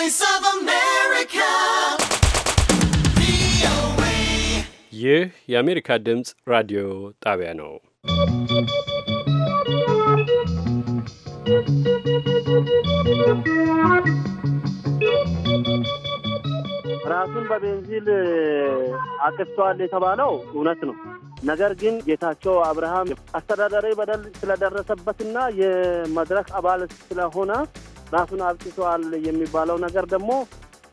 Voice ይህ የአሜሪካ ድምፅ ራዲዮ ጣቢያ ነው። ራሱን በቤንዚል አጥፍቷል የተባለው እውነት ነው። ነገር ግን ጌታቸው አብርሃም አስተዳደራዊ በደል ስለደረሰበትና የመድረክ አባል ስለሆነ ራሱን አብጭተዋል የሚባለው ነገር ደግሞ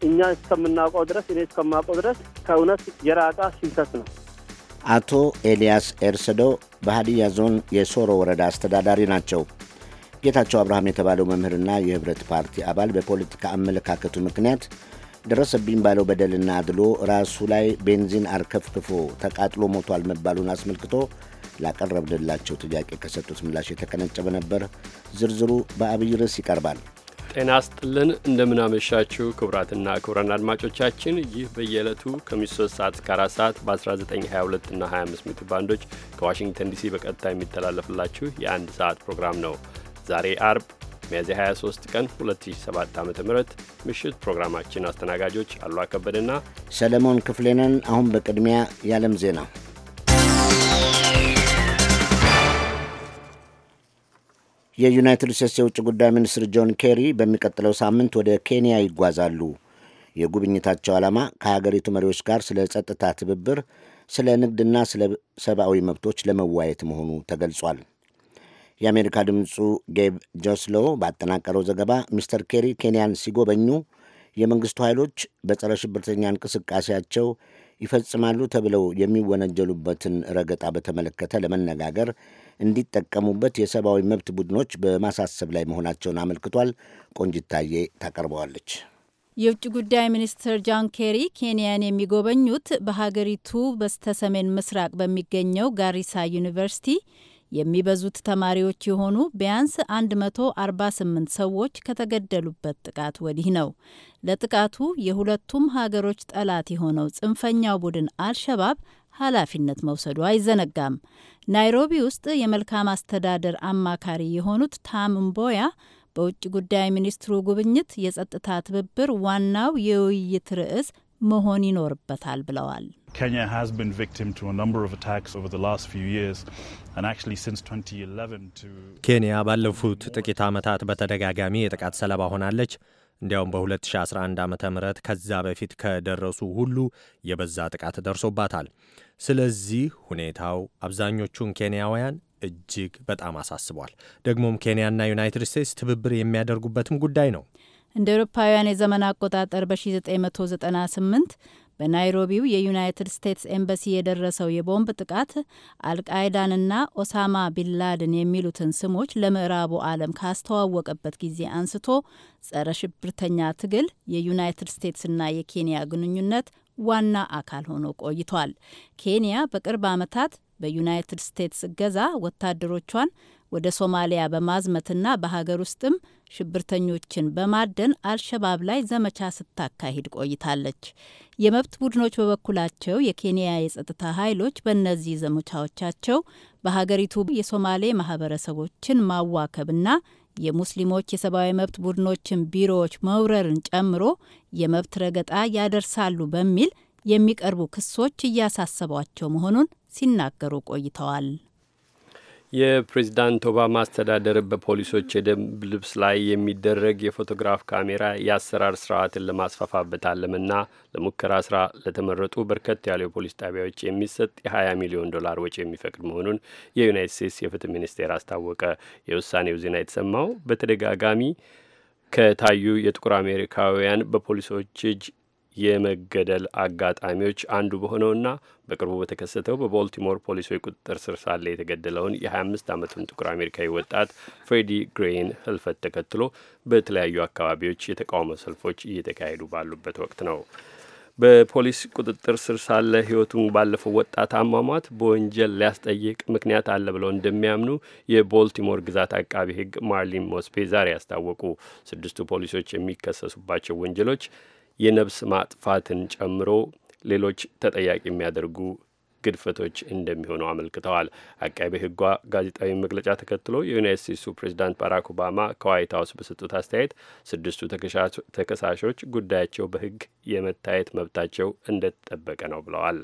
እኛ እስከምናውቀው ድረስ እኔ እስከማውቀው ድረስ ከእውነት የራቃ ሲንተት ነው። አቶ ኤልያስ ኤርስዶ በሀዲያ ዞን የሶሮ ወረዳ አስተዳዳሪ ናቸው። ጌታቸው አብርሃም የተባለው መምህርና የህብረት ፓርቲ አባል በፖለቲካ አመለካከቱ ምክንያት ደረሰብኝ ባለው በደልና አድሎ ራሱ ላይ ቤንዚን አርከፍክፎ ተቃጥሎ ሞቷል መባሉን አስመልክቶ ላቀረብንላቸው ጥያቄ ከሰጡት ምላሽ የተቀነጨበ ነበር። ዝርዝሩ በአብይ ርዕስ ይቀርባል። ጤና ስጥልን እንደምናመሻችሁ ክቡራትና ክቡራን አድማጮቻችን ይህ በየዕለቱ ከምሽቱ 3 ሰዓት እስከ 4 ሰዓት በ1922 እና 25 ሜትር ባንዶች ከዋሽንግተን ዲሲ በቀጥታ የሚተላለፍላችሁ የአንድ ሰዓት ፕሮግራም ነው። ዛሬ አርብ ሚያዝያ 23 ቀን 2007 ዓ ም ምሽት ፕሮግራማችን አስተናጋጆች አሉ አከበደና ሰለሞን ክፍሌነን። አሁን በቅድሚያ የዓለም ዜና የዩናይትድ ስቴትስ የውጭ ጉዳይ ሚኒስትር ጆን ኬሪ በሚቀጥለው ሳምንት ወደ ኬንያ ይጓዛሉ። የጉብኝታቸው ዓላማ ከሀገሪቱ መሪዎች ጋር ስለ ጸጥታ ትብብር፣ ስለ ንግድና ስለ ሰብአዊ መብቶች ለመዋየት መሆኑ ተገልጿል። የአሜሪካ ድምፁ ጌብ ጆስሎ ባጠናቀረው ዘገባ ሚስተር ኬሪ ኬንያን ሲጎበኙ የመንግሥቱ ኃይሎች በጸረ ሽብርተኛ እንቅስቃሴያቸው ይፈጽማሉ ተብለው የሚወነጀሉበትን ረገጣ በተመለከተ ለመነጋገር እንዲጠቀሙበት የሰብአዊ መብት ቡድኖች በማሳሰብ ላይ መሆናቸውን አመልክቷል። ቆንጅታዬ ታቀርበዋለች። የውጭ ጉዳይ ሚኒስትር ጆን ኬሪ ኬንያን የሚጎበኙት በሀገሪቱ በስተሰሜን ምስራቅ በሚገኘው ጋሪሳ ዩኒቨርሲቲ የሚበዙት ተማሪዎች የሆኑ ቢያንስ 148 ሰዎች ከተገደሉበት ጥቃት ወዲህ ነው። ለጥቃቱ የሁለቱም ሀገሮች ጠላት የሆነው ጽንፈኛው ቡድን አልሸባብ ኃላፊነት መውሰዱ አይዘነጋም። ናይሮቢ ውስጥ የመልካም አስተዳደር አማካሪ የሆኑት ታም ምቦያ በውጭ ጉዳይ ሚኒስትሩ ጉብኝት የጸጥታ ትብብር ዋናው የውይይት ርዕስ መሆን ይኖርበታል ብለዋል። ኬንያ ባለፉት ጥቂት ዓመታት በተደጋጋሚ የጥቃት ሰለባ ሆናለች። እንዲያውም በ2011 ዓ ም ከዛ በፊት ከደረሱ ሁሉ የበዛ ጥቃት ደርሶባታል። ስለዚህ ሁኔታው አብዛኞቹን ኬንያውያን እጅግ በጣም አሳስቧል። ደግሞም ኬንያና ዩናይትድ ስቴትስ ትብብር የሚያደርጉበትም ጉዳይ ነው። እንደ አውሮፓውያን የዘመን አቆጣጠር በ1998 በናይሮቢው የዩናይትድ ስቴትስ ኤምባሲ የደረሰው የቦምብ ጥቃት አልቃይዳንና ኦሳማ ቢንላድን የሚሉትን ስሞች ለምዕራቡ ዓለም ካስተዋወቀበት ጊዜ አንስቶ ጸረ ሽብርተኛ ትግል የዩናይትድ ስቴትስና የኬንያ ግንኙነት ዋና አካል ሆኖ ቆይቷል። ኬንያ በቅርብ ዓመታት በዩናይትድ ስቴትስ እገዛ ወታደሮቿን ወደ ሶማሊያ በማዝመትና በሀገር ውስጥም ሽብርተኞችን በማደን አልሸባብ ላይ ዘመቻ ስታካሂድ ቆይታለች። የመብት ቡድኖች በበኩላቸው የኬንያ የጸጥታ ኃይሎች በእነዚህ ዘመቻዎቻቸው በሀገሪቱ የሶማሌ ማህበረሰቦችን ማዋከብና የሙስሊሞች የሰብአዊ መብት ቡድኖችን ቢሮዎች መውረርን ጨምሮ የመብት ረገጣ ያደርሳሉ በሚል የሚቀርቡ ክሶች እያሳሰቧቸው መሆኑን ሲናገሩ ቆይተዋል። የፕሬዚዳንት ኦባማ አስተዳደር በፖሊሶች የደንብ ልብስ ላይ የሚደረግ የፎቶግራፍ ካሜራ የአሰራር ስርዓትን ለማስፋፋበት አለምና ለሙከራ ስራ ለተመረጡ በርከት ያሉ የፖሊስ ጣቢያዎች የሚሰጥ የ20 ሚሊዮን ዶላር ወጪ የሚፈቅድ መሆኑን የዩናይት ስቴትስ የፍትህ ሚኒስቴር አስታወቀ። የውሳኔው ዜና የተሰማው በተደጋጋሚ ከታዩ የጥቁር አሜሪካውያን በፖሊሶች እጅ የመገደል አጋጣሚዎች አንዱ በሆነውና በቅርቡ በተከሰተው በቦልቲሞር ፖሊሶች ቁጥጥር ስር ሳለ የተገደለውን የ25 ዓመቱን ጥቁር አሜሪካዊ ወጣት ፍሬዲ ግሬይን ህልፈት ተከትሎ በተለያዩ አካባቢዎች የተቃውሞ ሰልፎች እየተካሄዱ ባሉበት ወቅት ነው። በፖሊስ ቁጥጥር ስር ሳለ ህይወቱን ባለፈው ወጣት አሟሟት በወንጀል ሊያስጠይቅ ምክንያት አለ ብለው እንደሚያምኑ የቦልቲሞር ግዛት አቃቢ ህግ ማርሊን ሞስፔ ዛሬ ያስታወቁ። ስድስቱ ፖሊሶች የሚከሰሱባቸው ወንጀሎች የነብስ ማጥፋትን ጨምሮ ሌሎች ተጠያቂ የሚያደርጉ ግድፈቶች እንደሚሆኑ አመልክተዋል። አቃቤ ሕጓ ጋዜጣዊ መግለጫ ተከትሎ የዩናይት ስቴትሱ ፕሬዚዳንት ባራክ ኦባማ ከዋይት ሀውስ በሰጡት አስተያየት ስድስቱ ተከሳሾች ጉዳያቸው በሕግ የመታየት መብታቸው እንደተጠበቀ ነው ብለዋል።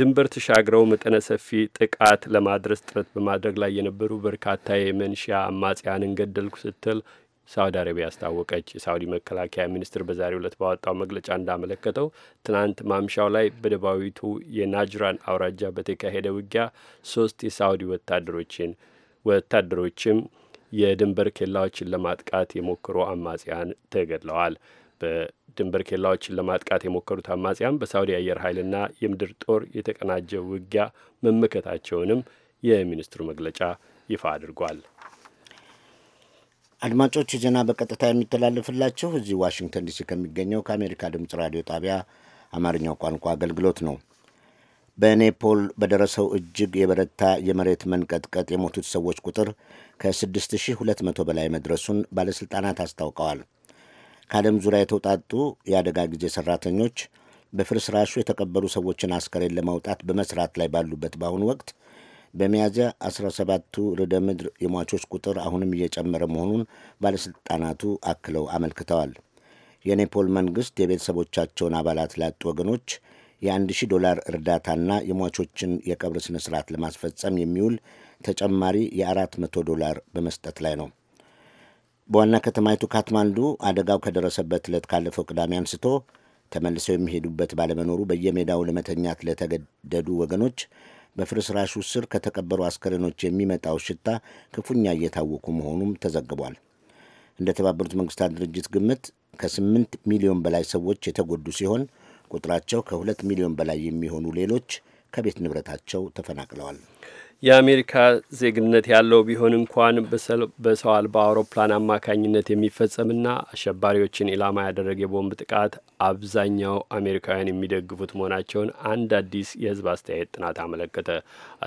ድንበር ተሻግረው መጠነ ሰፊ ጥቃት ለማድረስ ጥረት በማድረግ ላይ የነበሩ በርካታ የመንሻ አማጽያንን ገደልኩ ስትል ሳውዲ አረቢያ አስታወቀች። የሳውዲ መከላከያ ሚኒስትር በዛሬው ዕለት ባወጣው መግለጫ እንዳመለከተው ትናንት ማምሻው ላይ በደቡባዊቱ የናጅራን አውራጃ በተካሄደ ውጊያ ሶስት የሳውዲ ወታደሮችን ወታደሮችም የድንበር ኬላዎችን ለማጥቃት የሞከሩ አማጽያን ተገድለዋል። በድንበር ኬላዎችን ለማጥቃት የሞከሩት አማጽያን በሳውዲ አየር ኃይልና የምድር ጦር የተቀናጀ ውጊያ መመከታቸውንም የሚኒስትሩ መግለጫ ይፋ አድርጓል። አድማጮች ዜና በቀጥታ የሚተላለፍላችሁ እዚህ ዋሽንግተን ዲሲ ከሚገኘው ከአሜሪካ ድምፅ ራዲዮ ጣቢያ አማርኛው ቋንቋ አገልግሎት ነው። በኔፖል በደረሰው እጅግ የበረታ የመሬት መንቀጥቀጥ የሞቱት ሰዎች ቁጥር ከ6200 በላይ መድረሱን ባለሥልጣናት አስታውቀዋል። ከዓለም ዙሪያ የተውጣጡ የአደጋ ጊዜ ሠራተኞች በፍርስራሹ የተቀበሩ ሰዎችን አስከሬን ለማውጣት በመስራት ላይ ባሉበት በአሁኑ ወቅት በሚያዝያ 17ቱ ርዕደ ምድር የሟቾች ቁጥር አሁንም እየጨመረ መሆኑን ባለሥልጣናቱ አክለው አመልክተዋል። የኔፖል መንግሥት የቤተሰቦቻቸውን አባላት ላጡ ወገኖች የአንድ ሺህ ዶላር እርዳታና የሟቾችን የቀብር ሥነ ሥርዓት ለማስፈጸም የሚውል ተጨማሪ የአራት መቶ ዶላር በመስጠት ላይ ነው። በዋና ከተማይቱ ካትማንዱ አደጋው ከደረሰበት ዕለት ካለፈው ቅዳሜ አንስቶ ተመልሰው የሚሄዱበት ባለመኖሩ በየሜዳው ለመተኛት ለተገደዱ ወገኖች በፍርስራሹ ስር ከተቀበሩ አስከሬኖች የሚመጣው ሽታ ክፉኛ እየታወኩ መሆኑም ተዘግቧል። እንደ ተባበሩት መንግስታት ድርጅት ግምት ከ8 ሚሊዮን በላይ ሰዎች የተጎዱ ሲሆን ቁጥራቸው ከ2 ሚሊዮን በላይ የሚሆኑ ሌሎች ከቤት ንብረታቸው ተፈናቅለዋል። የአሜሪካ ዜግነት ያለው ቢሆን እንኳን በሰው አልባ አውሮፕላን አማካኝነት የሚፈጸምና አሸባሪዎችን ኢላማ ያደረገ የቦምብ ጥቃት አብዛኛው አሜሪካውያን የሚደግፉት መሆናቸውን አንድ አዲስ የሕዝብ አስተያየት ጥናት አመለከተ።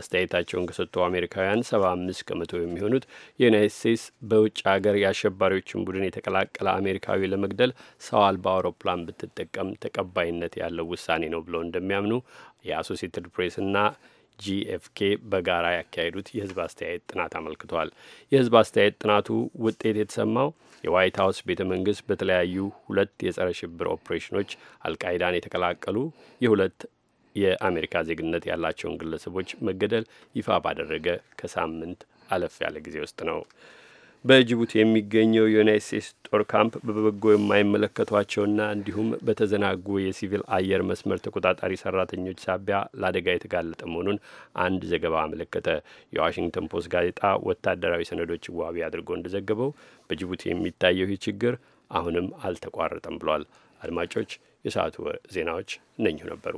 አስተያየታቸውን ከሰጡ አሜሪካውያን አምስት ከመቶ የሚሆኑት የዩናይት ስቴትስ በውጭ ሀገር የአሸባሪዎችን ቡድን የተቀላቀለ አሜሪካዊ ለመግደል ሰው አልባ አውሮፕላን ብትጠቀም ተቀባይነት ያለው ውሳኔ ነው ብለው እንደሚያምኑ የአሶሲኤትድ ፕሬስና ጂኤፍኬ በጋራ ያካሄዱት የህዝብ አስተያየት ጥናት አመልክቷል። የህዝብ አስተያየት ጥናቱ ውጤት የተሰማው የዋይት ሀውስ ቤተ መንግስት በተለያዩ ሁለት የጸረ ሽብር ኦፕሬሽኖች አልቃይዳን የተቀላቀሉ የሁለት የአሜሪካ ዜግነት ያላቸውን ግለሰቦች መገደል ይፋ ባደረገ ከሳምንት አለፍ ያለ ጊዜ ውስጥ ነው። በጅቡቲ የሚገኘው የዩናይት ስቴትስ ጦር ካምፕ በበጎ የማይመለከቷቸውና እንዲሁም በተዘናጉ የሲቪል አየር መስመር ተቆጣጣሪ ሰራተኞች ሳቢያ ለአደጋ የተጋለጠ መሆኑን አንድ ዘገባ አመለከተ። የዋሽንግተን ፖስት ጋዜጣ ወታደራዊ ሰነዶች ዋቢ አድርጎ እንደዘገበው በጅቡቲ የሚታየው ይህ ችግር አሁንም አልተቋረጠም ብሏል። አድማጮች፣ የሰዓቱ ዜናዎች እነኚሁ ነበሩ።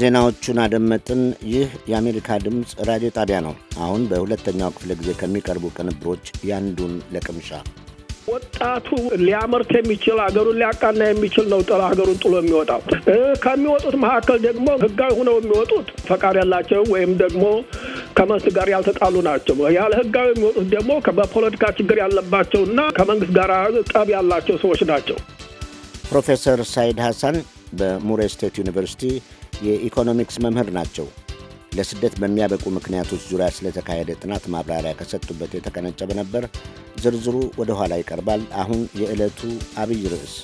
ዜናዎቹን አደመጥን። ይህ የአሜሪካ ድምፅ ራዲዮ ጣቢያ ነው። አሁን በሁለተኛው ክፍለ ጊዜ ከሚቀርቡ ቅንብሮች ያንዱን ለቅምሻ ወጣቱ ሊያመርት የሚችል ሀገሩን ሊያቃና የሚችል ነው ጥላ ሀገሩን ጥሎ የሚወጣው። ከሚወጡት መካከል ደግሞ ህጋዊ ሆነው የሚወጡት ፈቃድ ያላቸው ወይም ደግሞ ከመንግስት ጋር ያልተጣሉ ናቸው። ያለ ህጋዊ የሚወጡት ደግሞ በፖለቲካ ችግር ያለባቸው እና ከመንግስት ጋር ጠብ ያላቸው ሰዎች ናቸው። ፕሮፌሰር ሳይድ ሀሳን በሙሬ ስቴት ዩኒቨርሲቲ የኢኮኖሚክስ መምህር ናቸው። ለስደት በሚያበቁ ምክንያቶች ዙሪያ ስለተካሄደ ጥናት ማብራሪያ ከሰጡበት የተቀነጨበ ነበር። ዝርዝሩ ወደ ኋላ ይቀርባል። አሁን የዕለቱ አብይ ርዕስ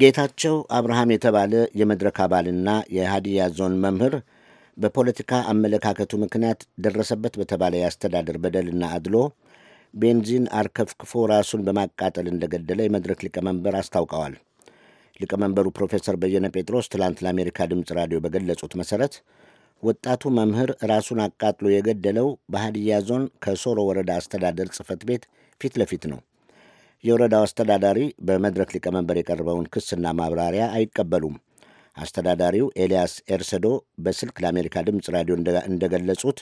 ጌታቸው አብርሃም የተባለ የመድረክ አባልና የሃዲያ ዞን መምህር በፖለቲካ አመለካከቱ ምክንያት ደረሰበት በተባለ የአስተዳደር በደልና አድሎ ቤንዚን አርከፍክፎ ራሱን በማቃጠል እንደገደለ የመድረክ ሊቀመንበር አስታውቀዋል። ሊቀመንበሩ ፕሮፌሰር በየነ ጴጥሮስ ትላንት ለአሜሪካ ድምፅ ራዲዮ በገለጹት መሠረት ወጣቱ መምህር ራሱን አቃጥሎ የገደለው በሀዲያ ዞን ከሶሮ ወረዳ አስተዳደር ጽህፈት ቤት ፊት ለፊት ነው። የወረዳው አስተዳዳሪ በመድረክ ሊቀመንበር የቀረበውን ክስና ማብራሪያ አይቀበሉም። አስተዳዳሪው ኤልያስ ኤርሰዶ በስልክ ለአሜሪካ ድምፅ ራዲዮ እንደገለጹት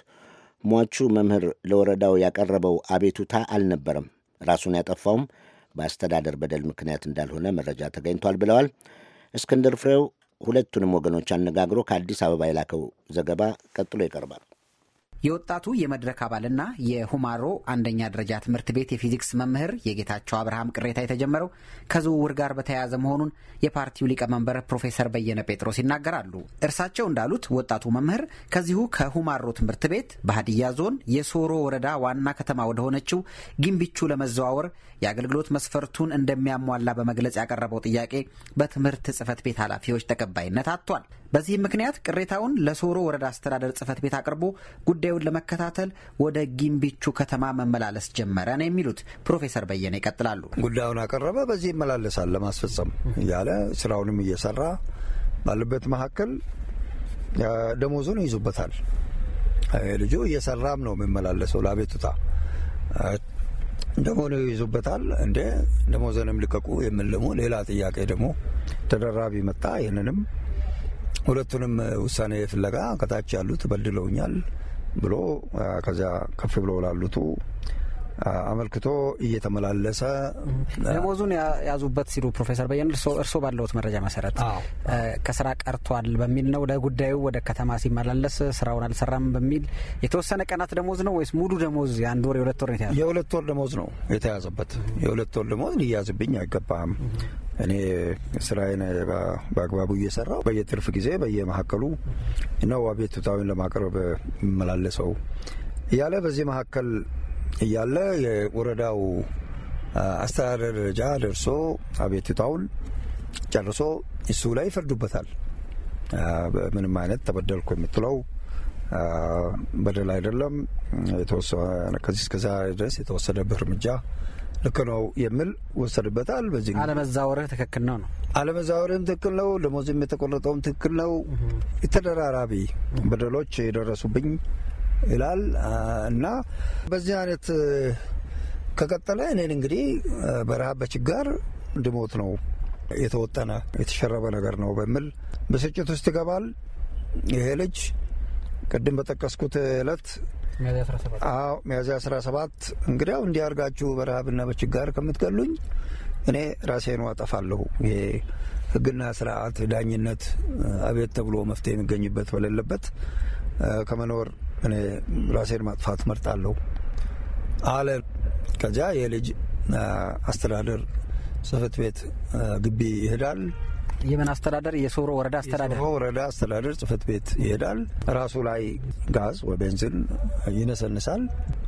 ሟቹ መምህር ለወረዳው ያቀረበው አቤቱታ አልነበረም። ራሱን ያጠፋውም በአስተዳደር በደል ምክንያት እንዳልሆነ መረጃ ተገኝቷል ብለዋል። እስክንድር ፍሬው ሁለቱንም ወገኖች አነጋግሮ ከአዲስ አበባ የላከው ዘገባ ቀጥሎ ይቀርባል። የወጣቱ የመድረክ አባልና የሁማሮ አንደኛ ደረጃ ትምህርት ቤት የፊዚክስ መምህር የጌታቸው አብርሃም ቅሬታ የተጀመረው ከዝውውር ጋር በተያያዘ መሆኑን የፓርቲው ሊቀመንበር ፕሮፌሰር በየነ ጴጥሮስ ይናገራሉ። እርሳቸው እንዳሉት ወጣቱ መምህር ከዚሁ ከሁማሮ ትምህርት ቤት በሀዲያ ዞን የሶሮ ወረዳ ዋና ከተማ ወደሆነችው ጊምቢቹ ለመዘዋወር የአገልግሎት መስፈርቱን እንደሚያሟላ በመግለጽ ያቀረበው ጥያቄ በትምህርት ጽህፈት ቤት ኃላፊዎች ተቀባይነት አጥቷል። በዚህም ምክንያት ቅሬታውን ለሶሮ ወረዳ አስተዳደር ጽህፈት ቤት አቅርቦ ጉዳዩን ለመከታተል ወደ ጊምቢቹ ከተማ መመላለስ ጀመረ ነው የሚሉት ፕሮፌሰር በየነ ይቀጥላሉ። ጉዳዩን አቀረበ፣ በዚህ ይመላለሳል ለማስፈጸም እያለ ስራውንም እየሰራ ባለበት መካከል ደሞዙን ይዙበታል። ልጁ እየሰራም ነው የሚመላለሰው ለአቤቱታ ደሞዝ ይይዙበታል። እንደ ደሞዘንም ልቀቁ የሚል ደግሞ ሌላ ጥያቄ ደግሞ ተደራቢ መጣ። ይህንንም ሁለቱንም ውሳኔ ፍለጋ ከታች ያሉት በድለውኛል ብሎ ከዚያ ከፍ ብሎ ላሉቱ አመልክቶ እየተመላለሰ ደሞዙን ያዙበት ሲሉ ፕሮፌሰር በየነ እርስዎ ባለዎት መረጃ መሰረት ከስራ ቀርቷል በሚል ነው ለጉዳዩ ወደ ከተማ ሲመላለስ ስራውን አልሰራም በሚል የተወሰነ ቀናት ደሞዝ ነው ወይስ ሙሉ ደሞዝ? የአንድ ወር የሁለት ወር ነው የተያዘ የሁለት ወር ደሞዝ ነው የተያዘበት። የሁለት ወር ደሞዝ ሊያዝብኝ አይገባም። እኔ ስራዬን በአግባቡ እየሰራው በየትርፍ ጊዜ በየመሀከሉ ነው አቤቱታዊን ለማቅረብ የመላለሰው እያለ በዚህ መካከል እያለ የወረዳው አስተዳደር ደረጃ ደርሶ አቤቱታውን ጨርሶ እሱ ላይ ይፈርዱበታል። ምንም አይነት ተበደልኩ የምትለው በደል አይደለም፣ ከዚህ እስከዛ ድረስ የተወሰደብህ እርምጃ ልክ ነው የሚል ወሰድበታል። በዚህ አለመዛወርህ ትክክል ነው ነው አለመዛወርህም ትክክል ነው፣ ደሞዝም የተቆረጠውም ትክክል ነው። ተደራራቢ በደሎች የደረሱብኝ ይላል እና በዚህ አይነት ከቀጠለ እኔን እንግዲህ በረሃብ በችጋር እንድሞት ነው የተወጠነ የተሸረበ ነገር ነው በሚል ብስጭት ውስጥ ይገባል። ይሄ ልጅ ቅድም በጠቀስኩት እለት ሚያዝያ ሰባት እንግዲያው እንዲያርጋችሁ በረሃብና በችጋር ከምትገሉኝ እኔ ራሴን አጠፋለሁ። ይሄ ህግና ስርዓት ዳኝነት አቤት ተብሎ መፍትሄ የሚገኝበት በሌለበት ከመኖር እኔ ራሴን ማጥፋት መርጣለሁ አለ። ከዚያ የልጅ አስተዳደር ጽህፈት ቤት ግቢ ይሄዳል። የምን አስተዳደር? የሶሮ ወረዳ አስተዳደር። የሶሮ ወረዳ አስተዳደር ጽህፈት ቤት ይሄዳል። ራሱ ላይ ጋዝ ወይ ቤንዚን ይነሰንሳል፣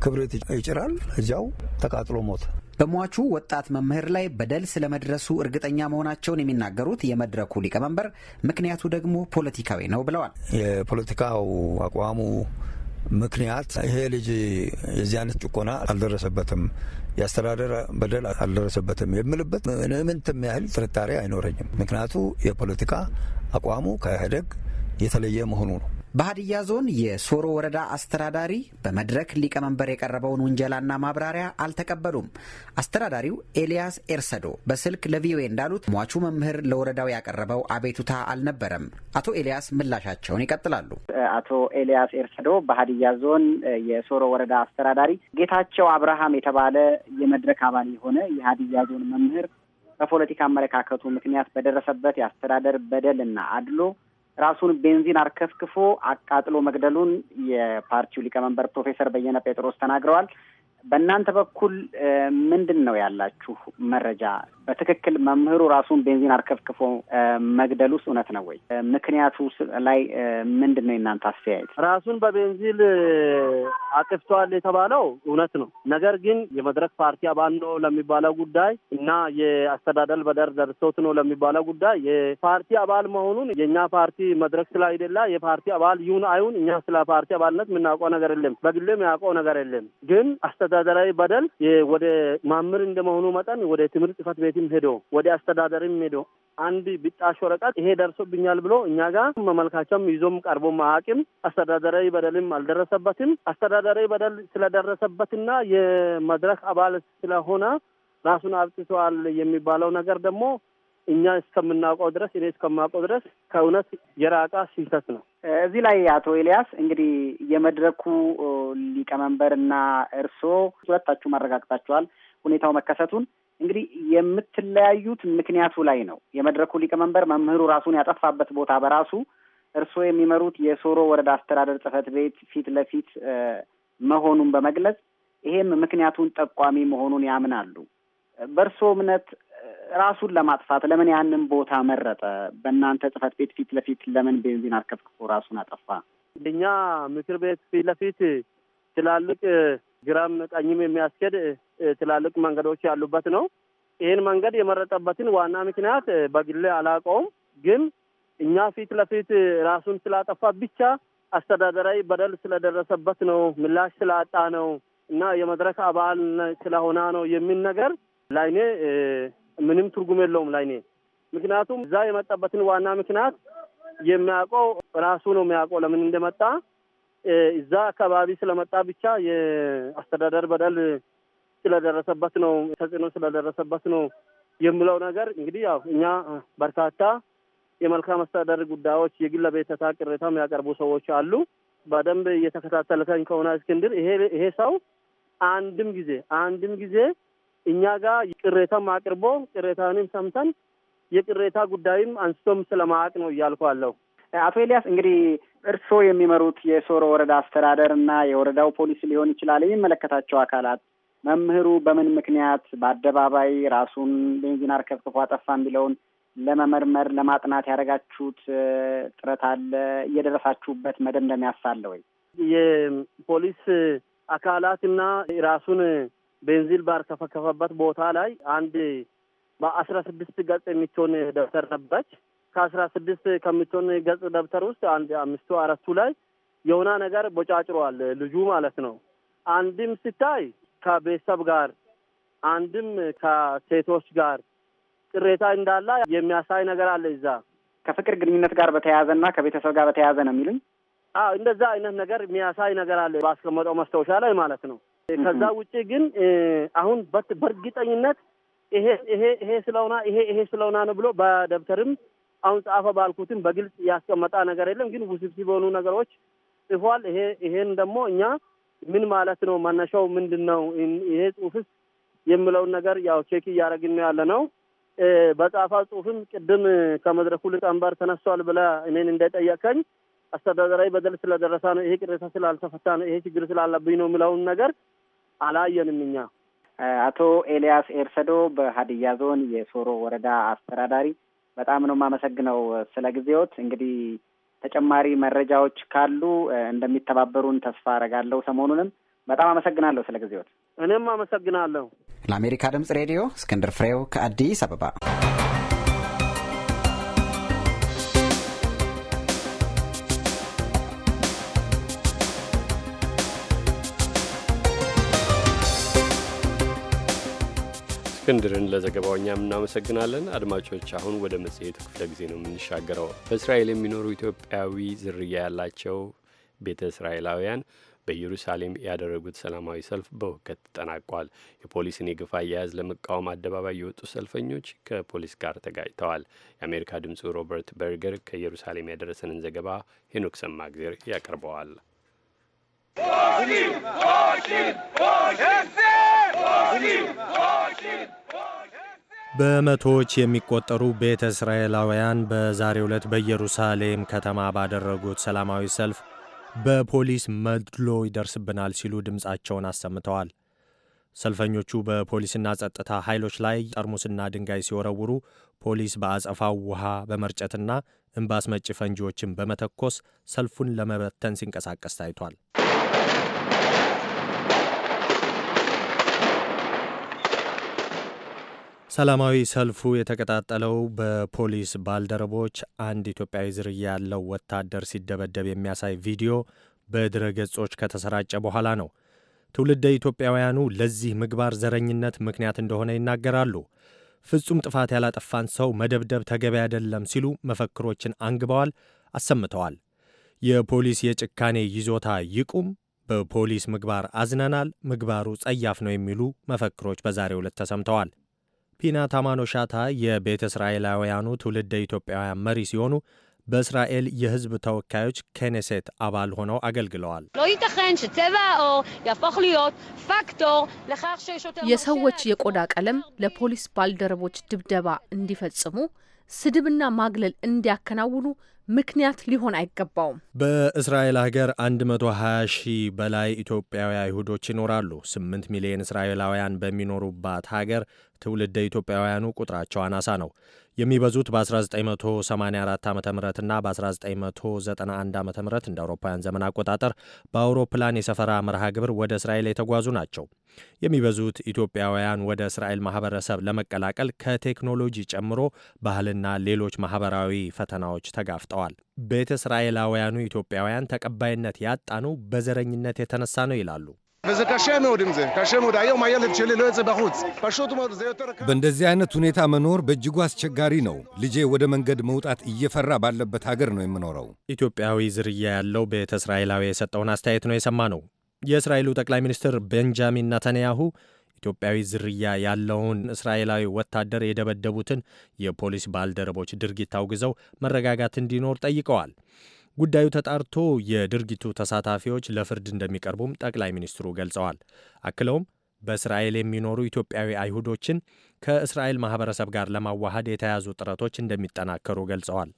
ክብሪት ይጭራል። እዚያው ተቃጥሎ ሞት። በሟቹ ወጣት መምህር ላይ በደል ስለመድረሱ እርግጠኛ መሆናቸውን የሚናገሩት የመድረኩ ሊቀመንበር ምክንያቱ ደግሞ ፖለቲካዊ ነው ብለዋል። የፖለቲካው አቋሙ ምክንያት ይሄ ልጅ የዚህ አይነት ጭቆና አልደረሰበትም፣ የአስተዳደር በደል አልደረሰበትም የምልበት ምንትም ያህል ጥርጣሬ አይኖረኝም። ምክንያቱ የፖለቲካ አቋሙ ከኢህአዴግ የተለየ መሆኑ ነው። በሀዲያ ዞን የሶሮ ወረዳ አስተዳዳሪ በመድረክ ሊቀመንበር የቀረበውን ውንጀላና ማብራሪያ አልተቀበሉም። አስተዳዳሪው ኤልያስ ኤርሰዶ በስልክ ለቪኦኤ እንዳሉት ሟቹ መምህር ለወረዳው ያቀረበው አቤቱታ አልነበረም። አቶ ኤልያስ ምላሻቸውን ይቀጥላሉ። አቶ ኤልያስ ኤርሰዶ በሀዲያ ዞን የሶሮ ወረዳ አስተዳዳሪ ጌታቸው አብርሃም የተባለ የመድረክ አባል የሆነ የሀዲያ ዞን መምህር በፖለቲካ አመለካከቱ ምክንያት በደረሰበት የአስተዳደር በደል እና አድሎ ራሱን ቤንዚን አርከፍክፎ አቃጥሎ መግደሉን የፓርቲው ሊቀመንበር ፕሮፌሰር በየነ ጴጥሮስ ተናግረዋል። በእናንተ በኩል ምንድን ነው ያላችሁ መረጃ? በትክክል መምህሩ ራሱን ቤንዚን አርከፍክፎ መግደል ውስጥ እውነት ነው ወይ? ምክንያቱ ላይ ምንድን ነው የእናንተ አስተያየት? ራሱን በቤንዚን አጥፍቷል የተባለው እውነት ነው። ነገር ግን የመድረክ ፓርቲ አባል ነው ለሚባለው ጉዳይ እና የአስተዳደር በደር ደርሶት ነው ለሚባለው ጉዳይ የፓርቲ አባል መሆኑን የእኛ ፓርቲ መድረክ ስላይደላ የፓርቲ አባል ይሁን አይሁን እኛ ስለ ፓርቲ አባልነት የምናውቀው ነገር የለም። በግሌም ያውቀው ነገር የለም ግን አስተዳደራዊ በደል ወደ ማምር እንደመሆኑ መጠን ወደ ትምህርት ጽፈት ቤትም ሄዶ ወደ አስተዳደርም ሄዶ አንድ ብጣሽ ወረቀት ይሄ ደርሶብኛል ብሎ እኛ ጋር መመልካቸውም ይዞም ቀርቦ አያውቅም። አስተዳደራዊ በደልም አልደረሰበትም። አስተዳደራዊ በደል ስለደረሰበትና የመድረክ አባል ስለሆነ ራሱን አብጥቷል የሚባለው ነገር ደግሞ እኛ እስከምናውቀው ድረስ እኔ እስከማውቀው ድረስ ከእውነት የራቃ ስህተት ነው። እዚህ ላይ አቶ ኤልያስ እንግዲህ የመድረኩ ሊቀመንበር እና እርስዎ ሁለታችሁ ማረጋግጣችኋል ሁኔታው መከሰቱን። እንግዲህ የምትለያዩት ምክንያቱ ላይ ነው። የመድረኩ ሊቀመንበር መምህሩ ራሱን ያጠፋበት ቦታ በራሱ እርስዎ የሚመሩት የሶሮ ወረዳ አስተዳደር ጽፈት ቤት ፊት ለፊት መሆኑን በመግለጽ ይሄም ምክንያቱን ጠቋሚ መሆኑን ያምናሉ። በእርስዎ እምነት ራሱን ለማጥፋት ለምን ያንን ቦታ መረጠ? በእናንተ ጽህፈት ቤት ፊት ለፊት ለምን ቤንዚን አርከፍክፎ ራሱን አጠፋ? እኛ ምክር ቤት ፊት ለፊት ትላልቅ ግራም ቀኝም የሚያስኬድ ትላልቅ መንገዶች ያሉበት ነው። ይህን መንገድ የመረጠበትን ዋና ምክንያት በግሌ አላውቀውም፣ ግን እኛ ፊት ለፊት ራሱን ስላጠፋ ብቻ አስተዳደራዊ በደል ስለደረሰበት ነው፣ ምላሽ ስላጣ ነው እና የመድረክ አባል ስለሆነ ነው የሚል ነገር ላይኔ ምንም ትርጉም የለውም ላይኔ። ምክንያቱም እዛ የመጣበትን ዋና ምክንያት የሚያውቀው ራሱ ነው የሚያውቀው ለምን እንደመጣ እዛ አካባቢ ስለመጣ ብቻ የአስተዳደር በደል ስለደረሰበት ነው ተጽዕኖ ስለደረሰበት ነው የሚለው ነገር እንግዲህ ያው እኛ በርካታ የመልካም አስተዳደር ጉዳዮች የግለ ቤተታ ቅሬታ የሚያቀርቡ ሰዎች አሉ። በደንብ እየተከታተልከኝ ከሆነ እስክንድር ይሄ ሰው አንድም ጊዜ አንድም ጊዜ እኛ ጋር ቅሬታም አቅርቦ ቅሬታንም ሰምተን የቅሬታ ጉዳይም አንስቶም ስለማያውቅ ነው እያልኩ አለው። አቶ ኤልያስ እንግዲህ እርስዎ የሚመሩት የሶሮ ወረዳ አስተዳደር እና የወረዳው ፖሊስ ሊሆን ይችላል የሚመለከታቸው አካላት መምህሩ በምን ምክንያት በአደባባይ ራሱን ቤንዚን አርከፍክፎ አጠፋ የሚለውን ለመመርመር ለማጥናት ያደረጋችሁት ጥረት አለ? እየደረሳችሁበት መደምደሚያ አለ ወይ? የፖሊስ አካላትና ራሱን ቤንዚን ባርከፈከፈበት ቦታ ላይ አንድ በአስራ ስድስት ገጽ የሚትሆን ደብተር ነበረች። ከአስራ ስድስት ከምትሆን ገጽ ደብተር ውስጥ አንድ አምስቱ አራቱ ላይ የሆነ ነገር ቦጫጭሯል ልጁ ማለት ነው። አንድም ሲታይ ከቤተሰብ ጋር አንድም ከሴቶች ጋር ቅሬታ እንዳላ የሚያሳይ ነገር አለ። እዛ ከፍቅር ግንኙነት ጋር በተያያዘ እና ከቤተሰብ ጋር በተያያዘ ነው የሚሉኝ። አዎ እንደዛ አይነት ነገር የሚያሳይ ነገር አለ ባስቀመጠው መስታወሻ ላይ ማለት ነው። ከዛ ውጭ ግን አሁን በእርግጠኝነት ይሄ ይሄ ይሄ ስለሆና ይሄ ይሄ ስለሆና ነው ብሎ በደብተርም አሁን ጻፈ ባልኩትም በግልጽ ያስቀመጣ ነገር የለም። ግን ውስብስብ የሆኑ ነገሮች ጽፏል። ይሄ ይሄን ደግሞ እኛ ምን ማለት ነው መነሻው ምንድን ነው ይሄ ጽሁፍስ የሚለውን ነገር ያው ቼክ እያደረግን ነው ያለ ነው። በጻፋ ጽሁፍም ቅድም ከመድረኩ ሊቀመንበር ተነስቷል ብለ እኔን እንደጠየቀኝ አስተዳደራዊ በደል ስለደረሰ ነው ይሄ ቅሬታ ስላልተፈታ ነው ይሄ ችግር ስላለብኝ ነው የምለውን ነገር አላየንም እኛ። አቶ ኤልያስ ኤርሰዶ በሀዲያ ዞን የሶሮ ወረዳ አስተዳዳሪ፣ በጣም ነው የማመሰግነው ስለ ጊዜዎት። እንግዲህ ተጨማሪ መረጃዎች ካሉ እንደሚተባበሩን ተስፋ አረጋለሁ። ሰሞኑንም በጣም አመሰግናለሁ ስለ ጊዜዎት። እኔም አመሰግናለሁ። ለአሜሪካ ድምጽ ሬዲዮ እስክንድር ፍሬው ከአዲስ አበባ እስክንድርን ለዘገባው እኛም እናመሰግናለን። አድማጮች፣ አሁን ወደ መጽሔቱ ክፍለ ጊዜ ነው የምንሻገረው። በእስራኤል የሚኖሩ ኢትዮጵያዊ ዝርያ ያላቸው ቤተ እስራኤላውያን በኢየሩሳሌም ያደረጉት ሰላማዊ ሰልፍ በውከት ተጠናቋል። የፖሊስን የግፋ አያያዝ ለመቃወም አደባባይ የወጡ ሰልፈኞች ከፖሊስ ጋር ተጋጭተዋል። የአሜሪካ ድምፁ ሮበርት በርገር ከኢየሩሳሌም ያደረሰንን ዘገባ ሄኖክ ሰማግዜር ያቀርበዋል። በመቶዎች የሚቆጠሩ ቤተ እስራኤላውያን በዛሬው ዕለት በኢየሩሳሌም ከተማ ባደረጉት ሰላማዊ ሰልፍ በፖሊስ መድሎ ይደርስብናል ሲሉ ድምፃቸውን አሰምተዋል። ሰልፈኞቹ በፖሊስና ጸጥታ ኃይሎች ላይ ጠርሙስና ድንጋይ ሲወረውሩ፣ ፖሊስ በአጸፋው ውሃ በመርጨትና እምባስ መጪ ፈንጂዎችን በመተኮስ ሰልፉን ለመበተን ሲንቀሳቀስ ታይቷል። ሰላማዊ ሰልፉ የተቀጣጠለው በፖሊስ ባልደረቦች አንድ ኢትዮጵያዊ ዝርያ ያለው ወታደር ሲደበደብ የሚያሳይ ቪዲዮ በድረ ገጾች ከተሰራጨ በኋላ ነው። ትውልደ ኢትዮጵያውያኑ ለዚህ ምግባር ዘረኝነት ምክንያት እንደሆነ ይናገራሉ። ፍጹም ጥፋት ያላጠፋን ሰው መደብደብ ተገቢ አይደለም ሲሉ መፈክሮችን አንግበዋል፣ አሰምተዋል። የፖሊስ የጭካኔ ይዞታ ይቁም፣ በፖሊስ ምግባር አዝነናል፣ ምግባሩ ጸያፍ ነው የሚሉ መፈክሮች በዛሬው ዕለት ተሰምተዋል። ፒና ሻታ የቤተ እስራኤላውያኑ ትውልደ ኢትዮጵያውያን መሪ ሲሆኑ በእስራኤል የሕዝብ ተወካዮች ከኔሴት አባል ሆነው አገልግለዋል። የሰዎች የቆዳ ቀለም ለፖሊስ ባልደረቦች ድብደባ እንዲፈጽሙ ስድብና ማግለል እንዲያከናውኑ ምክንያት ሊሆን አይገባውም። በእስራኤል ሀገር 120 ሺህ በላይ ኢትዮጵያዊ አይሁዶች ይኖራሉ። 8 ሚሊዮን እስራኤላውያን በሚኖሩባት ሀገር ትውልደ ኢትዮጵያውያኑ ቁጥራቸው አናሳ ነው። የሚበዙት በ1984 ዓ እና በ1991 ዓ ም እንደ አውሮፓውያን ዘመን አቆጣጠር በአውሮፕላን የሰፈራ መርሃ ግብር ወደ እስራኤል የተጓዙ ናቸው። የሚበዙት ኢትዮጵያውያን ወደ እስራኤል ማህበረሰብ ለመቀላቀል ከቴክኖሎጂ ጨምሮ ባህልና ሌሎች ማህበራዊ ፈተናዎች ተጋፍጠዋል። ቤተ እስራኤላውያኑ ኢትዮጵያውያን ተቀባይነት ያጣኑ በዘረኝነት የተነሳ ነው ይላሉ። וזה קשה מאוד עם זה, קשה מאוד. היום הילד שלי לא יוצא בחוץ. פשוט מאוד, זה יותר קשה. በእንደዚህ አይነት ሁኔታ መኖር በእጅጉ አስቸጋሪ ነው። ልጄ ወደ መንገድ መውጣት እየፈራ ባለበት ሀገር ነው የምኖረው። ኢትዮጵያዊ ዝርያ ያለው ቤተ እስራኤላዊ የሰጠውን አስተያየት ነው የሰማ ነው። የእስራኤሉ ጠቅላይ ሚኒስትር ቤንጃሚን ነተንያሁ ኢትዮጵያዊ ዝርያ ያለውን እስራኤላዊ ወታደር የደበደቡትን የፖሊስ ባልደረቦች ድርጊት አውግዘው መረጋጋት እንዲኖር ጠይቀዋል። ጉዳዩ ተጣርቶ የድርጊቱ ተሳታፊዎች ለፍርድ እንደሚቀርቡም ጠቅላይ ሚኒስትሩ ገልጸዋል። አክለውም በእስራኤል የሚኖሩ ኢትዮጵያዊ አይሁዶችን ከእስራኤል ማህበረሰብ ጋር ለማዋሃድ የተያዙ ጥረቶች እንደሚጠናከሩ ገልጸዋል።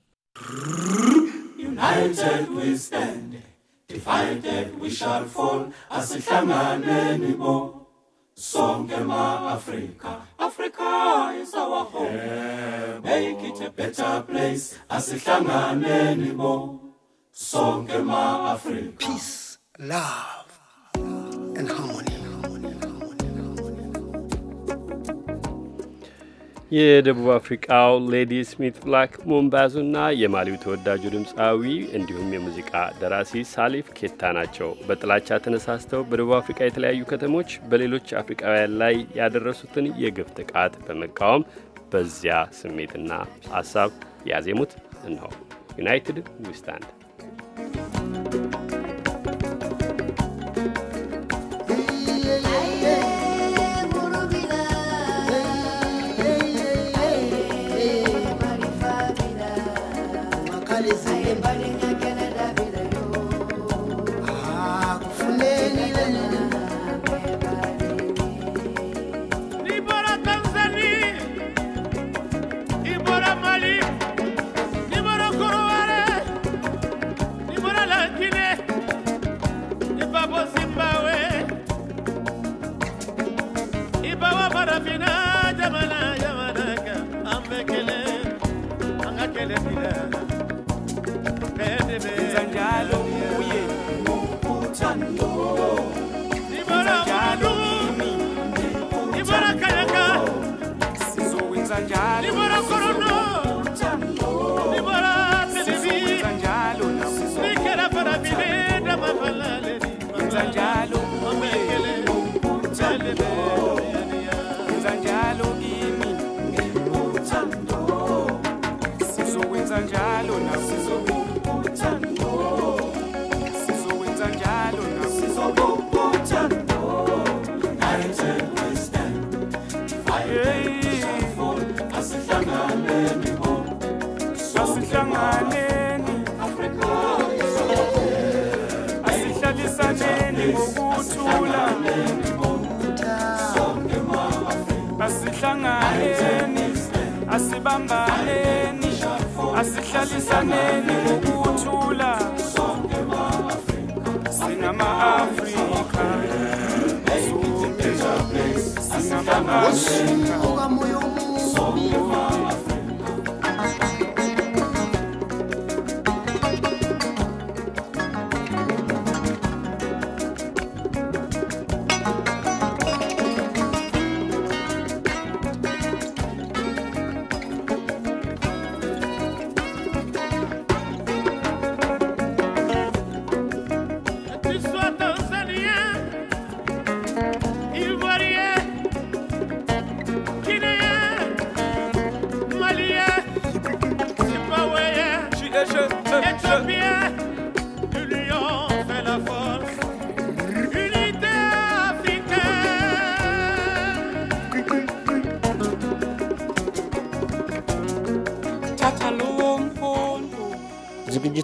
sonke ma peace love and harmony የደቡብ አፍሪቃው ሌዲ ስሚት ብላክ ሞምባዙና የማሊው ተወዳጁ ድምፃዊ እንዲሁም የሙዚቃ ደራሲ ሳሊፍ ኬታ ናቸው። በጥላቻ ተነሳስተው በደቡብ አፍሪቃ የተለያዩ ከተሞች በሌሎች አፍሪቃውያን ላይ ያደረሱትን የግፍ ጥቃት በመቃወም በዚያ ስሜትና ሀሳብ ያዜሙት እንሆ ዩናይትድ ዊስታንድ Dale, Africa. Africa. ngokuthula asihlanganeni asibambaneni asihlalisaneni ngokuthula singama-afrika singama Africa.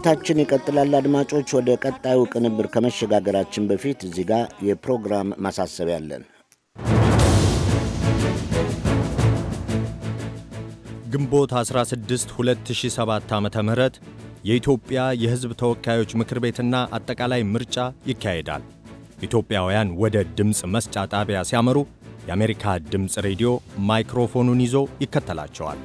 ዝግጅታችን ይቀጥላል። አድማጮች፣ ወደ ቀጣዩ ቅንብር ከመሸጋገራችን በፊት እዚህ ጋር የፕሮግራም ማሳሰቢያ አለን። ግንቦት 16 2007 ዓ ም የኢትዮጵያ የሕዝብ ተወካዮች ምክር ቤትና አጠቃላይ ምርጫ ይካሄዳል። ኢትዮጵያውያን ወደ ድምፅ መስጫ ጣቢያ ሲያመሩ የአሜሪካ ድምፅ ሬዲዮ ማይክሮፎኑን ይዞ ይከተላቸዋል።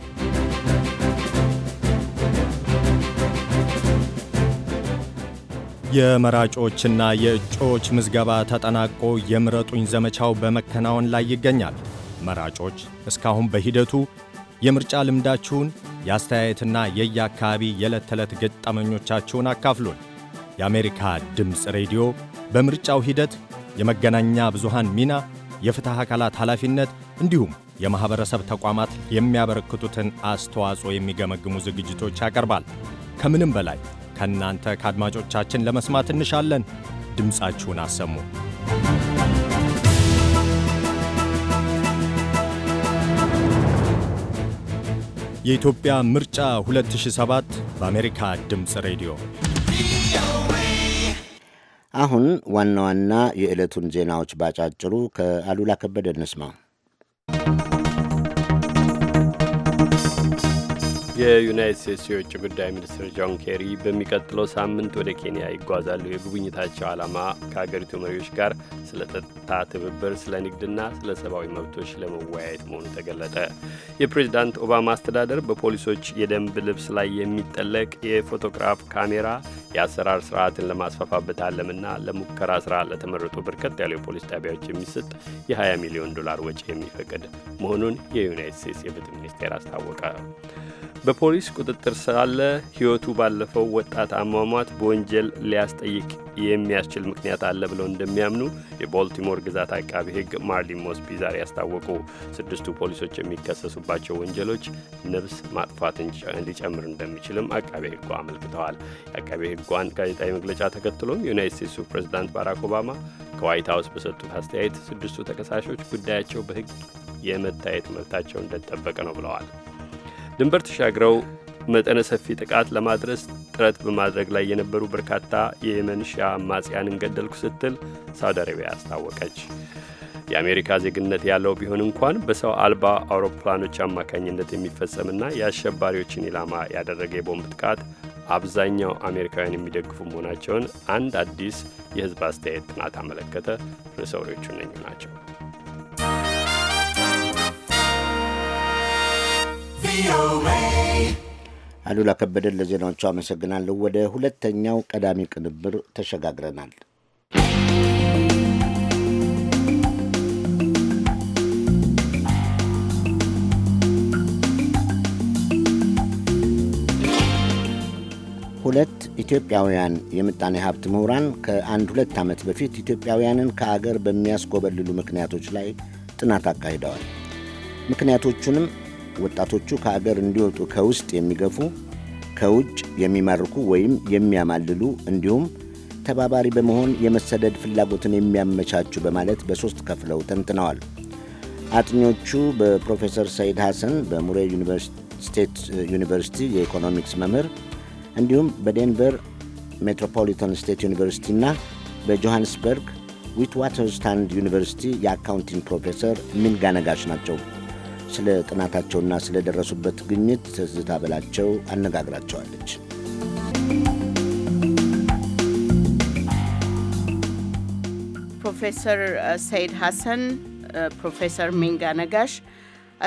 የመራጮችና የእጩዎች ምዝገባ ተጠናቆ የምረጡኝ ዘመቻው በመከናወን ላይ ይገኛል። መራጮች እስካሁን በሂደቱ የምርጫ ልምዳችሁን፣ የአስተያየትና የየአካባቢ የዕለት ተዕለት ገጠመኞቻችሁን አካፍሉን። የአሜሪካ ድምፅ ሬዲዮ በምርጫው ሂደት የመገናኛ ብዙሃን ሚና፣ የፍትሕ አካላት ኃላፊነት እንዲሁም የማኅበረሰብ ተቋማት የሚያበረክቱትን አስተዋጽኦ የሚገመግሙ ዝግጅቶች ያቀርባል። ከምንም በላይ ከእናንተ ከአድማጮቻችን ለመስማት እንሻለን። ድምፃችሁን አሰሙ። የኢትዮጵያ ምርጫ 2007 በአሜሪካ ድምፅ ሬዲዮ። አሁን ዋና ዋና የዕለቱን ዜናዎች ባጫጭሩ ከአሉላ ከበደ እንስማ። የዩናይት ስቴትስ የውጭ ጉዳይ ሚኒስትር ጆን ኬሪ በሚቀጥለው ሳምንት ወደ ኬንያ ይጓዛሉ። የጉብኝታቸው ዓላማ ከሀገሪቱ መሪዎች ጋር ስለ ጸጥታ ትብብር፣ ስለ ንግድና ስለ ሰብአዊ መብቶች ለመወያየት መሆኑ ተገለጠ። የፕሬዚዳንት ኦባማ አስተዳደር በፖሊሶች የደንብ ልብስ ላይ የሚጠለቅ የፎቶግራፍ ካሜራ የአሰራር ስርዓትን ለማስፋፋበት አለምና ለሙከራ ስራ ለተመረጡ በርከት ያሉ የፖሊስ ጣቢያዎች የሚሰጥ የ20 ሚሊዮን ዶላር ወጪ የሚፈቅድ መሆኑን የዩናይት ስቴትስ የፍትህ ሚኒስቴር አስታወቀ። በፖሊስ ቁጥጥር ስላለ ሕይወቱ ባለፈው ወጣት አሟሟት በወንጀል ሊያስጠይቅ የሚያስችል ምክንያት አለ ብለው እንደሚያምኑ የቦልቲሞር ግዛት አቃቢ ሕግ ማርሊን ሞስቢ ዛሬ ያስታወቁ። ስድስቱ ፖሊሶች የሚከሰሱባቸው ወንጀሎች ነብስ ማጥፋትን ሊጨምር እንደሚችልም አቃቢ ሕጉ አመልክተዋል። የአቃቢ ሕጓን ጋዜጣዊ መግለጫ ተከትሎም የዩናይት ስቴትሱ ፕሬዚዳንት ባራክ ኦባማ ከዋይት ሀውስ በሰጡት አስተያየት ስድስቱ ተከሳሾች ጉዳያቸው በሕግ የመታየት መብታቸው እንደተጠበቀ ነው ብለዋል። ድንበር ተሻግረው መጠነ ሰፊ ጥቃት ለማድረስ ጥረት በማድረግ ላይ የነበሩ በርካታ የየመን ሺያ አማጽያንን ገደልኩ ስትል ሳውዲ አረቢያ አስታወቀች። የአሜሪካ ዜግነት ያለው ቢሆን እንኳን በሰው አልባ አውሮፕላኖች አማካኝነት የሚፈጸምና የአሸባሪዎችን ኢላማ ያደረገ የቦምብ ጥቃት አብዛኛው አሜሪካውያን የሚደግፉ መሆናቸውን አንድ አዲስ የሕዝብ አስተያየት ጥናት አመለከተ። ርዕሰ ወሬዎቹ ናቸው። አሉላ ከበደን ለዜናዎቹ አመሰግናለሁ። ወደ ሁለተኛው ቀዳሚ ቅንብር ተሸጋግረናል። ሁለት ኢትዮጵያውያን የምጣኔ ሀብት ምሁራን ከአንድ ሁለት ዓመት በፊት ኢትዮጵያውያንን ከአገር በሚያስኮበልሉ ምክንያቶች ላይ ጥናት አካሂደዋል። ምክንያቶቹንም ወጣቶቹ ከአገር እንዲወጡ ከውስጥ የሚገፉ ከውጭ የሚማርኩ ወይም የሚያማልሉ እንዲሁም ተባባሪ በመሆን የመሰደድ ፍላጎትን የሚያመቻቹ በማለት በሦስት ከፍለው ተንትነዋል። አጥኞቹ በፕሮፌሰር ሰይድ ሐሰን በሙሬ ስቴት ዩኒቨርሲቲ የኢኮኖሚክስ መምህር እንዲሁም በዴንቨር ሜትሮፖሊታን ስቴት እና በጆሃንስበርግ ዊትዋተርስታንድ ዩኒቨርሲቲ የአካውንቲንግ ፕሮፌሰር ሚንጋ ነጋሽ ናቸው። ስለ ጥናታቸውና ስለደረሱበት ግኝት ትዝታ በላቸው አነጋግራቸዋለች። ፕሮፌሰር ሰይድ ሐሰን፣ ፕሮፌሰር ሚንጋ ነጋሽ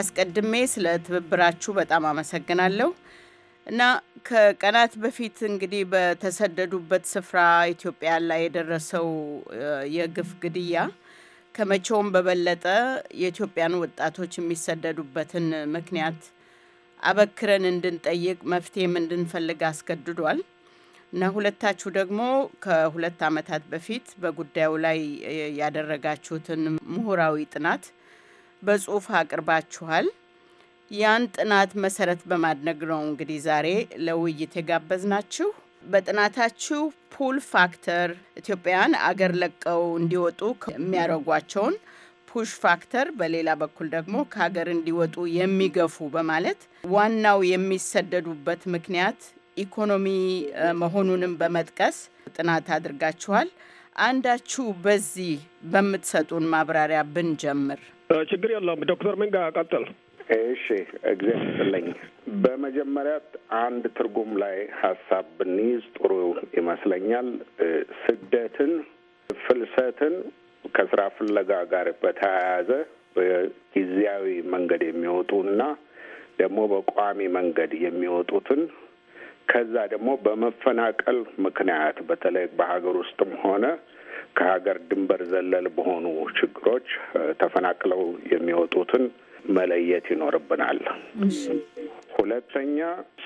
አስቀድሜ ስለ ትብብራችሁ በጣም አመሰግናለሁ እና ከቀናት በፊት እንግዲህ በተሰደዱበት ስፍራ ኢትዮጵያ ላይ የደረሰው የግፍ ግድያ ከመቼውም በበለጠ የኢትዮጵያን ወጣቶች የሚሰደዱበትን ምክንያት አበክረን እንድንጠይቅ መፍትሄም እንድንፈልግ አስገድዷል እና ሁለታችሁ ደግሞ ከሁለት ዓመታት በፊት በጉዳዩ ላይ ያደረጋችሁትን ምሁራዊ ጥናት በጽሁፍ አቅርባችኋል። ያን ጥናት መሰረት በማድረግ ነው እንግዲህ ዛሬ ለውይይት የጋበዝናችሁ። በጥናታችሁ ፑል ፋክተር ኢትዮጵያውያን አገር ለቀው እንዲወጡ የሚያደርጓቸውን ፑሽ ፋክተር በሌላ በኩል ደግሞ ከሀገር እንዲወጡ የሚገፉ በማለት ዋናው የሚሰደዱበት ምክንያት ኢኮኖሚ መሆኑንም በመጥቀስ ጥናት አድርጋችኋል። አንዳችሁ በዚህ በምትሰጡን ማብራሪያ ብንጀምር ችግር የለውም። ዶክተር ምንጋ ቀጥል። እሺ እግዚአብሔር ይስጥልኝ። በመጀመሪያ አንድ ትርጉም ላይ ሀሳብ ብንይዝ ጥሩ ይመስለኛል። ስደትን፣ ፍልሰትን ከስራ ፍለጋ ጋር በተያያዘ በጊዜያዊ መንገድ የሚወጡ እና ደግሞ በቋሚ መንገድ የሚወጡትን ከዛ ደግሞ በመፈናቀል ምክንያት በተለይ በሀገር ውስጥም ሆነ ከሀገር ድንበር ዘለል በሆኑ ችግሮች ተፈናቅለው የሚወጡትን መለየት ይኖርብናል። ሁለተኛ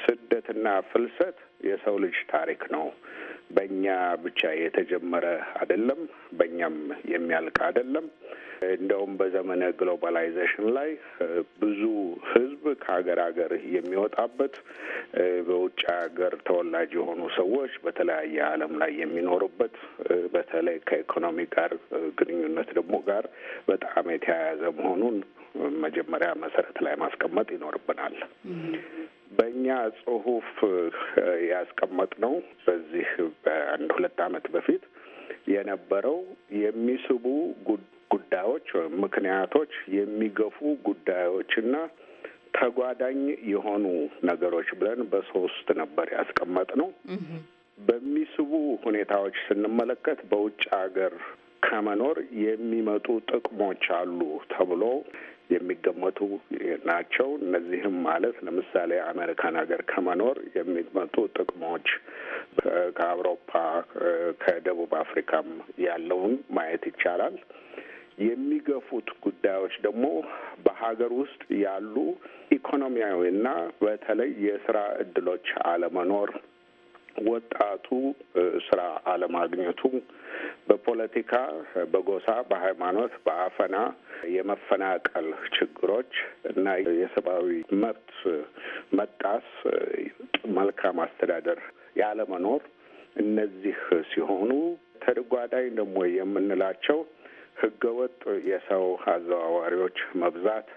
ስደትና ፍልሰት የሰው ልጅ ታሪክ ነው። በእኛ ብቻ የተጀመረ አይደለም፣ በእኛም የሚያልቅ አይደለም። እንደውም በዘመነ ግሎባላይዜሽን ላይ ብዙ ሕዝብ ከሀገር ሀገር የሚወጣበት በውጭ ሀገር ተወላጅ የሆኑ ሰዎች በተለያየ ዓለም ላይ የሚኖሩበት በተለይ ከኢኮኖሚ ጋር ግንኙነት ደግሞ ጋር በጣም የተያያዘ መሆኑን መጀመሪያ መሰረት ላይ ማስቀመጥ ይኖርብናል። በእኛ ጽሁፍ ያስቀመጥ ነው በዚህ በአንድ ሁለት አመት በፊት የነበረው የሚስቡ ጉዳዮች ወይም ምክንያቶች፣ የሚገፉ ጉዳዮችና ተጓዳኝ የሆኑ ነገሮች ብለን በሶስት ነበር ነው። በሚስቡ ሁኔታዎች ስንመለከት በውጭ ሀገር ከመኖር የሚመጡ ጥቅሞች አሉ ተብሎ የሚገመቱ ናቸው። እነዚህም ማለት ለምሳሌ አሜሪካን ሀገር ከመኖር የሚመጡ ጥቅሞች ከአውሮፓ ከደቡብ አፍሪካም ያለውን ማየት ይቻላል። የሚገፉት ጉዳዮች ደግሞ በሀገር ውስጥ ያሉ ኢኮኖሚያዊ ና በተለይ የስራ እድሎች አለመኖር ወጣቱ ስራ አለማግኘቱ በፖለቲካ፣ በጎሳ፣ በሃይማኖት፣ በአፈና የመፈናቀል ችግሮች እና የሰብአዊ መብት መጣስ፣ መልካም አስተዳደር ያለመኖር እነዚህ ሲሆኑ ተጓዳኝ ደግሞ የምንላቸው ህገወጥ የሰው አዘዋዋሪዎች መብዛት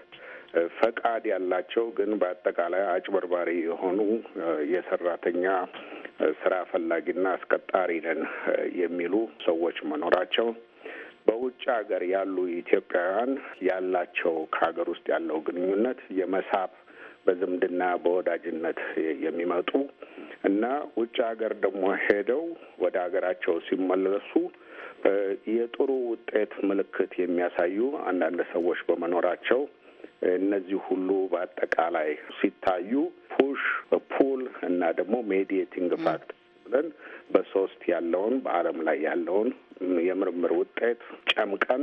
ፈቃድ ያላቸው ግን በአጠቃላይ አጭበርባሪ የሆኑ የሰራተኛ ስራ ፈላጊና አስቀጣሪ ነን የሚሉ ሰዎች መኖራቸው በውጭ ሀገር ያሉ ኢትዮጵያውያን ያላቸው ከሀገር ውስጥ ያለው ግንኙነት የመሳብ በዝምድና በወዳጅነት የሚመጡ እና ውጭ ሀገር ደግሞ ሄደው ወደ ሀገራቸው ሲመለሱ የጥሩ ውጤት ምልክት የሚያሳዩ አንዳንድ ሰዎች በመኖራቸው እነዚህ ሁሉ በአጠቃላይ ሲታዩ ፑሽ፣ ፑል እና ደግሞ ሜዲዬቲንግ ፋክት ብለን በሶስት ያለውን በዓለም ላይ ያለውን የምርምር ውጤት ጨምቀን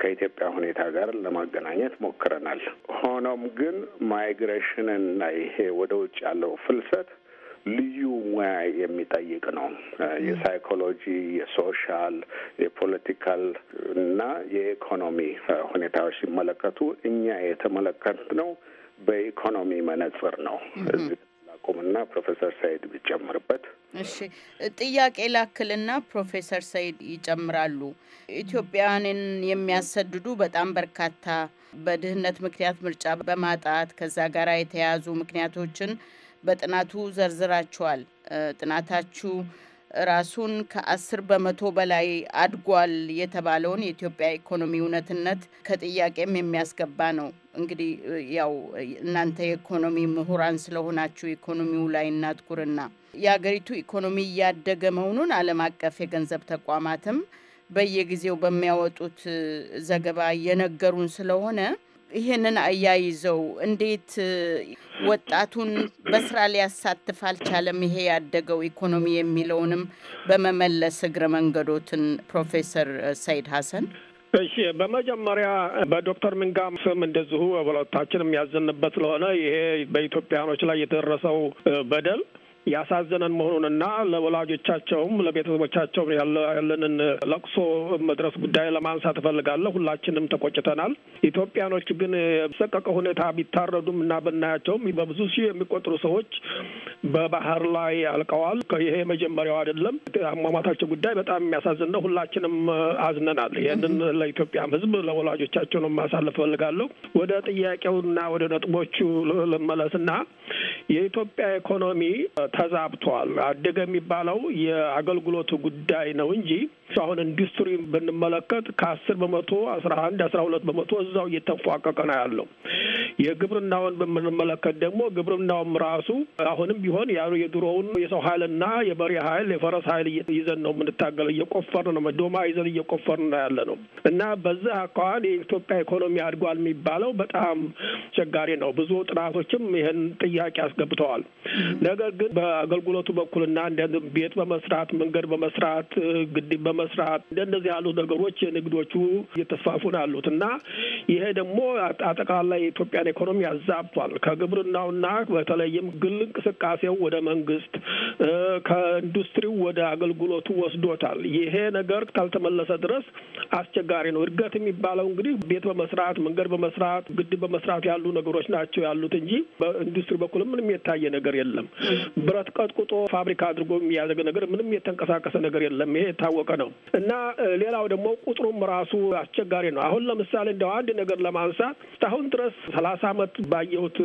ከኢትዮጵያ ሁኔታ ጋር ለማገናኘት ሞክረናል። ሆኖም ግን ማይግሬሽን እና ይሄ ወደ ውጭ ያለው ፍልሰት ልዩ ሙያ የሚጠይቅ ነው። የሳይኮሎጂ፣ የሶሻል፣ የፖለቲካል እና የኢኮኖሚ ሁኔታዎች ሲመለከቱ እኛ የተመለከት ነው በኢኮኖሚ መነጽር ነው ቁምና ፕሮፌሰር ሰይድ ቢጨምርበት። እሺ ጥያቄ ላክልና ፕሮፌሰር ሰይድ ይጨምራሉ። ኢትዮጵያውያንን የሚያሰድዱ በጣም በርካታ በድህነት ምክንያት ምርጫ በማጣት ከዛ ጋር የተያያዙ ምክንያቶችን በጥናቱ ዘርዝራችኋል። ጥናታችሁ ራሱን ከአስር በመቶ በላይ አድጓል የተባለውን የኢትዮጵያ ኢኮኖሚ እውነትነት ከጥያቄም የሚያስገባ ነው። እንግዲህ ያው እናንተ የኢኮኖሚ ምሁራን ስለሆናችሁ ኢኮኖሚው ላይ እናትኩርና የሀገሪቱ ኢኮኖሚ እያደገ መሆኑን ዓለም አቀፍ የገንዘብ ተቋማትም በየጊዜው በሚያወጡት ዘገባ እየነገሩን ስለሆነ ይህንን አያይዘው እንዴት ወጣቱን በስራ ሊያሳትፍ አልቻለም ይሄ ያደገው ኢኮኖሚ የሚለውንም በመመለስ እግረ መንገዶትን ፕሮፌሰር ሰይድ ሀሰን እሺ በመጀመሪያ በዶክተር ምንጋም ስም እንደዚሁ ሁለታችን የሚያዝንበት ስለሆነ ይሄ በኢትዮጵያኖች ላይ የተደረሰው በደል ያሳዘነን መሆኑንና ለወላጆቻቸውም ለቤተሰቦቻቸውም ያለንን ለቅሶ መድረስ ጉዳይ ለማንሳት እፈልጋለሁ። ሁላችንም ተቆጭተናል። ኢትዮጵያኖች ግን የሰቀቀ ሁኔታ ቢታረዱም እና ብናያቸውም በብዙ ሺህ የሚቆጥሩ ሰዎች በባህር ላይ አልቀዋል። ይሄ መጀመሪያው አይደለም። አሟሟታቸው ጉዳይ በጣም የሚያሳዝን ነው። ሁላችንም አዝነናል። ይህንን ለኢትዮጵያም ሕዝብ ለወላጆቻቸው ነው ማሳለፍ እፈልጋለሁ። ወደ ጥያቄውና ወደ ነጥቦቹ ልመለስና የኢትዮጵያ ኢኮኖሚ ተዛብቷል። አደገ የሚባለው የአገልግሎቱ ጉዳይ ነው እንጂ አሁን ኢንዱስትሪ ብንመለከት ከአስር በመቶ አስራ አንድ አስራ ሁለት በመቶ እዛው እየተንፏቀቀ ነው ያለው። የግብርናውን በምንመለከት ደግሞ ግብርናውም ራሱ አሁንም ቢሆን ያ የድሮውን የሰው ኃይልና የበሬ ኃይል የፈረስ ኃይል ይዘን ነው የምንታገለው። እየቆፈርን ነው ዶማ ይዘን እየቆፈርን ነው ያለ ነው እና በዚህ አካባቢ የኢትዮጵያ ኢኮኖሚ አድጓል የሚባለው በጣም አስቸጋሪ ነው። ብዙ ጥናቶችም ይህን ጥያቄ አስገብተዋል። ነገር ግን በአገልግሎቱ በኩልና እንደ ቤት በመስራት መንገድ በመስራት ግድብ ለመስራት እንደነዚህ ያሉ ነገሮች የንግዶቹ እየተስፋፉ ነው ያሉት እና ይሄ ደግሞ አጠቃላይ የኢትዮጵያን ኢኮኖሚ ያዛብቷል። ከግብርናውና በተለይም ግል እንቅስቃሴው ወደ መንግስት፣ ከኢንዱስትሪው ወደ አገልግሎቱ ወስዶታል። ይሄ ነገር ካልተመለሰ ድረስ አስቸጋሪ ነው። እድገት የሚባለው እንግዲህ ቤት በመስራት መንገድ በመስራት ግድብ በመስራት ያሉ ነገሮች ናቸው ያሉት እንጂ በኢንዱስትሪ በኩል ምንም የታየ ነገር የለም። ብረት ቀጥቁጦ ፋብሪካ አድርጎ የሚያደግ ነገር ምንም የተንቀሳቀሰ ነገር የለም። ይሄ የታወቀ ነው። ነው እና ሌላው ደግሞ ቁጥሩም ራሱ አስቸጋሪ ነው። አሁን ለምሳሌ እንደው አንድ ነገር ለማንሳት እስካሁን ድረስ ሰላሳ አመት ባየሁት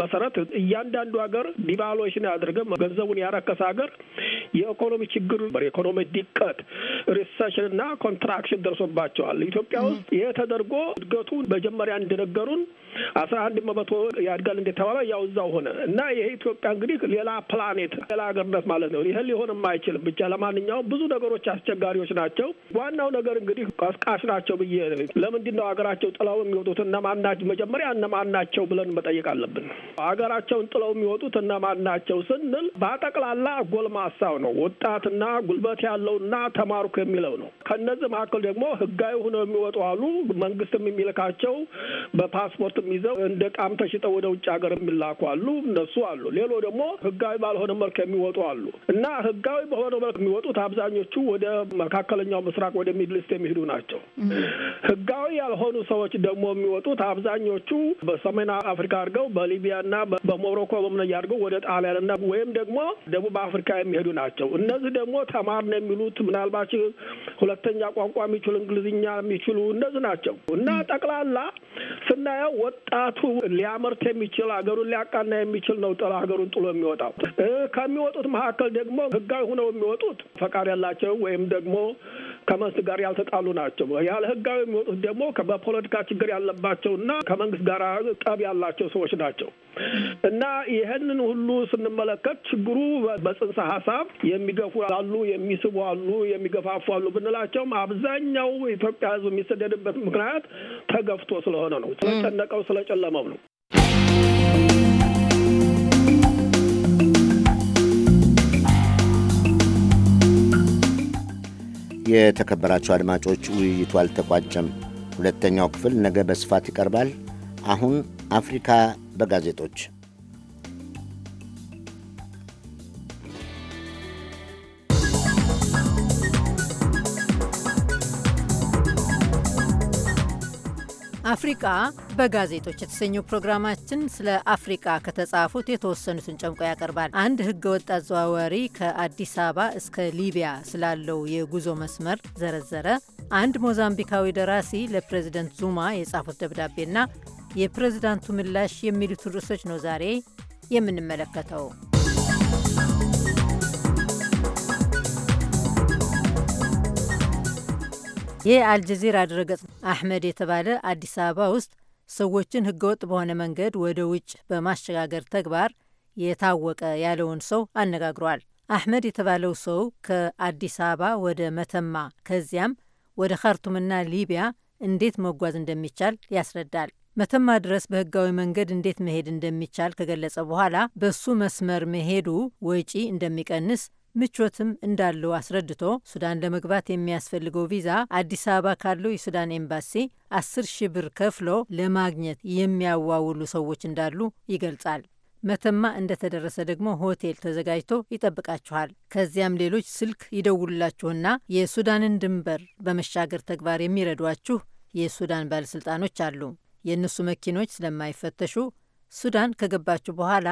መሰረት እያንዳንዱ ሀገር ዲቫሉዌሽን አድርገን ገንዘቡን ያረከሰ ሀገር የኢኮኖሚ ችግር የኢኮኖሚ ድቀት፣ ሪሰሽን እና ኮንትራክሽን ደርሶባቸዋል። ኢትዮጵያ ውስጥ ይሄ ተደርጎ እድገቱ መጀመሪያ እንደነገሩን አስራ አንድ መቶ ያድጋል እንደተባለ ያው እዛው ሆነ እና ይሄ ኢትዮጵያ እንግዲህ ሌላ ፕላኔት ሌላ ሀገርነት ማለት ነው። ይህን ሊሆንም አይችልም። ብቻ ለማንኛውም ብዙ ነገሮች አስቸጋሪዎች ሰዎች ናቸው። ዋናው ነገር እንግዲህ ቀስቃሽ ናቸው ብዬ ለምንድን ነው ሀገራቸው ጥለው የሚወጡት እነማን ናቸው? መጀመሪያ እነማን ናቸው ብለን መጠየቅ አለብን። ሀገራቸውን ጥለው የሚወጡት እነማን ናቸው ስንል በጠቅላላ ጎልማሳው ነው፣ ወጣትና ጉልበት ያለውና ተማርኩ የሚለው ነው። ከነዚህ መካከል ደግሞ ህጋዊ ሆነው የሚወጡ አሉ። መንግስትም የሚልካቸው በፓስፖርትም ይዘው እንደ ቃም ተሽጠው ወደ ውጭ ሀገር የሚላኩ አሉ። እነሱ አሉ። ሌሎ ደግሞ ህጋዊ ባልሆነ መልክ የሚወጡ አሉ እና ህጋዊ በሆነ መልክ የሚወጡት አብዛኞቹ ወደ መካ መካከለኛው ምስራቅ ወደ ሚድልስት የሚሄዱ ናቸው። ህጋዊ ያልሆኑ ሰዎች ደግሞ የሚወጡት አብዛኞቹ በሰሜን አፍሪካ አድርገው በሊቢያና በሞሮኮ በምነያ አድርገው ወደ ጣሊያንና ወይም ደግሞ ደቡብ አፍሪካ የሚሄዱ ናቸው። እነዚህ ደግሞ ነው የሚሉት ምናልባት ሁለተኛ ቋንቋ የሚችሉ እንግሊዝኛ የሚችሉ እነዚህ ናቸው እና ጠቅላላ ስናየው ወጣቱ ሊያመርት የሚችል ሀገሩን ሊያቃና የሚችል ነው ጥላ ሀገሩን ጥሎ የሚወጣው። ከሚወጡት መካከል ደግሞ ህጋዊ ሆነው የሚወጡት ፈቃድ ያላቸው ወይም ደግሞ ከመንግስት ጋር ያልተጣሉ ናቸው። ያለ ህጋዊ የሚወጡት ደግሞ በፖለቲካ ችግር ያለባቸው እና ከመንግስት ጋር ጠብ ያላቸው ሰዎች ናቸው እና ይህንን ሁሉ ስንመለከት ችግሩ በጽንሰ ሀሳብ የሚገፉ አሉ፣ የሚስቡ አሉ፣ የሚገፋፉ አሉ ብንላቸውም አብዛኛው ኢትዮጵያ ህዝብ የሚሰደድበት ምክንያት ተገፍቶ ስለሆነ ነው፣ ስለጨነቀው ስለጨለመው ነው። የተከበራቸው አድማጮች ውይይቱ አልተቋጨም። ሁለተኛው ክፍል ነገ በስፋት ይቀርባል። አሁን አፍሪካ በጋዜጦች አፍሪቃ በጋዜጦች የተሰኘው ፕሮግራማችን ስለ አፍሪቃ ከተጻፉት የተወሰኑትን ጨምቆ ያቀርባል። አንድ ህገወጥ አዘዋዋሪ ከአዲስ አበባ እስከ ሊቢያ ስላለው የጉዞ መስመር ዘረዘረ። አንድ ሞዛምቢካዊ ደራሲ ለፕሬዚደንት ዙማ የጻፉት ደብዳቤና የፕሬዚዳንቱ ምላሽ የሚሉት ርዕሶች ነው ዛሬ የምንመለከተው። ይህ አልጀዚራ ድረገጽ አሕመድ የተባለ አዲስ አበባ ውስጥ ሰዎችን ህገወጥ በሆነ መንገድ ወደ ውጭ በማሸጋገር ተግባር የታወቀ ያለውን ሰው አነጋግሯል። አሕመድ የተባለው ሰው ከአዲስ አበባ ወደ መተማ ከዚያም ወደ ካርቱምና ሊቢያ እንዴት መጓዝ እንደሚቻል ያስረዳል። መተማ ድረስ በህጋዊ መንገድ እንዴት መሄድ እንደሚቻል ከገለጸ በኋላ በሱ መስመር መሄዱ ወጪ እንደሚቀንስ ምቾትም እንዳለው አስረድቶ ሱዳን ለመግባት የሚያስፈልገው ቪዛ አዲስ አበባ ካለው የሱዳን ኤምባሲ አስር ሺህ ብር ከፍሎ ለማግኘት የሚያዋውሉ ሰዎች እንዳሉ ይገልጻል። መተማ እንደተደረሰ ደግሞ ሆቴል ተዘጋጅቶ ይጠብቃችኋል። ከዚያም ሌሎች ስልክ ይደውሉላችሁና የሱዳንን ድንበር በመሻገር ተግባር የሚረዷችሁ የሱዳን ባለሥልጣኖች አሉ። የእነሱ መኪኖች ስለማይፈተሹ ሱዳን ከገባችሁ በኋላ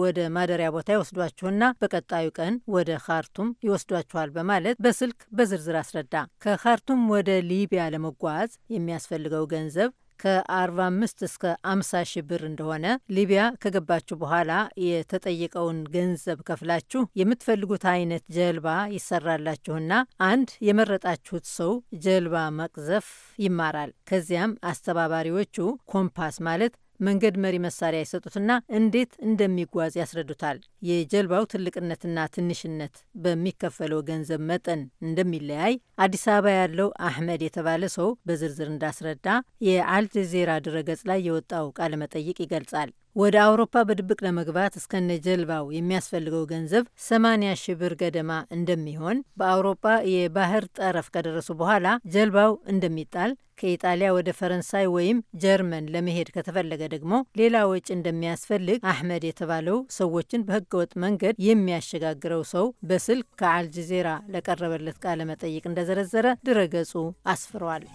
ወደ ማደሪያ ቦታ ይወስዷችሁና በቀጣዩ ቀን ወደ ካርቱም ይወስዷችኋል በማለት በስልክ በዝርዝር አስረዳ። ከካርቱም ወደ ሊቢያ ለመጓዝ የሚያስፈልገው ገንዘብ ከ45 እስከ 50 ሺህ ብር እንደሆነ ሊቢያ ከገባችሁ በኋላ የተጠየቀውን ገንዘብ ከፍላችሁ የምትፈልጉት አይነት ጀልባ ይሰራላችሁና አንድ የመረጣችሁት ሰው ጀልባ መቅዘፍ ይማራል። ከዚያም አስተባባሪዎቹ ኮምፓስ ማለት መንገድ መሪ መሳሪያ ይሰጡትና እንዴት እንደሚጓዝ ያስረዱታል። የጀልባው ትልቅነትና ትንሽነት በሚከፈለው ገንዘብ መጠን እንደሚለያይ አዲስ አበባ ያለው አህመድ የተባለ ሰው በዝርዝር እንዳስረዳ የአልጀዜራ ድረገጽ ላይ የወጣው ቃለመጠይቅ ይገልጻል። ወደ አውሮፓ በድብቅ ለመግባት እስከነ ጀልባው የሚያስፈልገው ገንዘብ 80 ሺ ብር ገደማ እንደሚሆን፣ በአውሮፓ የባህር ጠረፍ ከደረሱ በኋላ ጀልባው እንደሚጣል፣ ከኢጣሊያ ወደ ፈረንሳይ ወይም ጀርመን ለመሄድ ከተፈለገ ደግሞ ሌላ ወጪ እንደሚያስፈልግ አህመድ የተባለው ሰዎችን በህገወጥ መንገድ የሚያሸጋግረው ሰው በስልክ ከአልጀዚራ ለቀረበለት ቃለ መጠይቅ እንደዘረዘረ ድረገጹ አስፍሯል።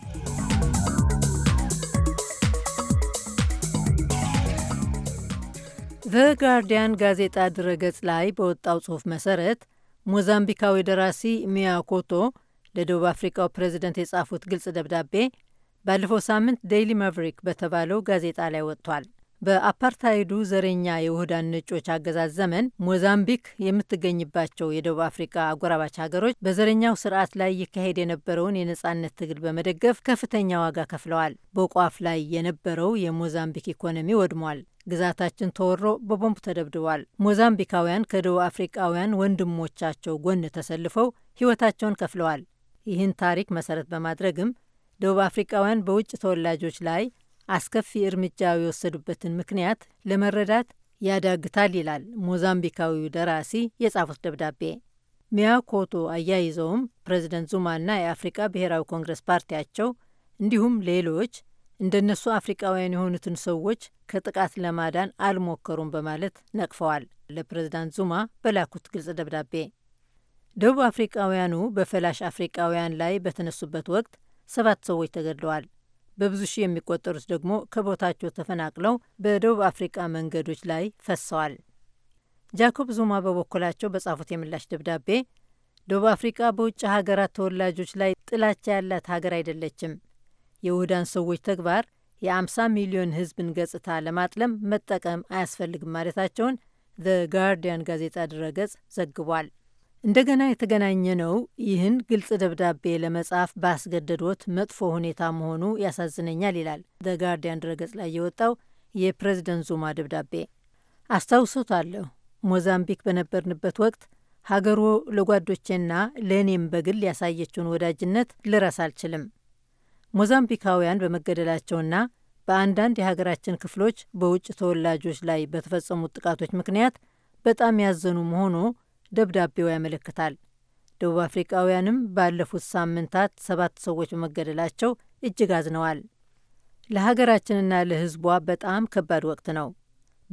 ጋርዲያን ጋዜጣ ድረገጽ ላይ በወጣው ጽሑፍ መሰረት ሞዛምቢካዊ ደራሲ ሚያኮቶ ለደቡብ አፍሪካው ፕሬዚደንት የጻፉት ግልጽ ደብዳቤ ባለፈው ሳምንት ዴይሊ መቨሪክ በተባለው ጋዜጣ ላይ ወጥቷል። በአፓርታይዱ ዘረኛ የውህዳን ነጮች አገዛዝ ዘመን ሞዛምቢክ የምትገኝባቸው የደቡብ አፍሪካ አጎራባች ሀገሮች በዘረኛው ስርዓት ላይ ይካሄድ የነበረውን የነጻነት ትግል በመደገፍ ከፍተኛ ዋጋ ከፍለዋል። በቋፍ ላይ የነበረው የሞዛምቢክ ኢኮኖሚ ወድሟል። ግዛታችን ተወሮ በቦምብ ተደብድቧል። ሞዛምቢካውያን ከደቡብ አፍሪቃውያን ወንድሞቻቸው ጎን ተሰልፈው ሕይወታቸውን ከፍለዋል። ይህን ታሪክ መሰረት በማድረግም ደቡብ አፍሪቃውያን በውጭ ተወላጆች ላይ አስከፊ እርምጃ የወሰዱበትን ምክንያት ለመረዳት ያዳግታል ይላል ሞዛምቢካዊው ደራሲ የጻፉት ደብዳቤ። ሚያኮቶ አያይዘውም ፕሬዚደንት ዙማና የአፍሪቃ ብሔራዊ ኮንግረስ ፓርቲያቸው እንዲሁም ሌሎች እንደነሱ አፍሪቃውያን የሆኑትን ሰዎች ከጥቃት ለማዳን አልሞከሩም በማለት ነቅፈዋል። ለፕሬዝዳንት ዙማ በላኩት ግልጽ ደብዳቤ ደቡብ አፍሪቃውያኑ በፈላሽ አፍሪቃውያን ላይ በተነሱበት ወቅት ሰባት ሰዎች ተገድለዋል። በብዙ ሺህ የሚቆጠሩት ደግሞ ከቦታቸው ተፈናቅለው በደቡብ አፍሪቃ መንገዶች ላይ ፈሰዋል። ጃኮብ ዙማ በበኩላቸው በጻፉት የምላሽ ደብዳቤ ደቡብ አፍሪቃ በውጭ ሀገራት ተወላጆች ላይ ጥላቻ ያላት ሀገር አይደለችም የውህዳን ሰዎች ተግባር የ50 ሚሊዮን ህዝብን ገጽታ ለማጥለም መጠቀም አያስፈልግም ማለታቸውን ዘ ጋርዲያን ጋዜጣ ድረገጽ ዘግቧል። እንደገና የተገናኘ ነው ይህን ግልጽ ደብዳቤ ለመጻፍ ባስገደዶት መጥፎ ሁኔታ መሆኑ ያሳዝነኛል ይላል ዘ ጋርዲያን ድረገጽ ላይ የወጣው የፕሬዝደንት ዙማ ደብዳቤ። አስታውሶታለሁ። ሞዛምቢክ በነበርንበት ወቅት ሀገሩ ለጓዶቼና ለእኔም በግል ያሳየችውን ወዳጅነት ልረስ አልችልም። ሞዛምቢካውያን በመገደላቸውና በአንዳንድ የሀገራችን ክፍሎች በውጭ ተወላጆች ላይ በተፈጸሙት ጥቃቶች ምክንያት በጣም ያዘኑ መሆኑ ደብዳቤው ያመለክታል። ደቡብ አፍሪቃውያንም ባለፉት ሳምንታት ሰባት ሰዎች በመገደላቸው እጅግ አዝነዋል። ለሀገራችንና ለሕዝቧ በጣም ከባድ ወቅት ነው።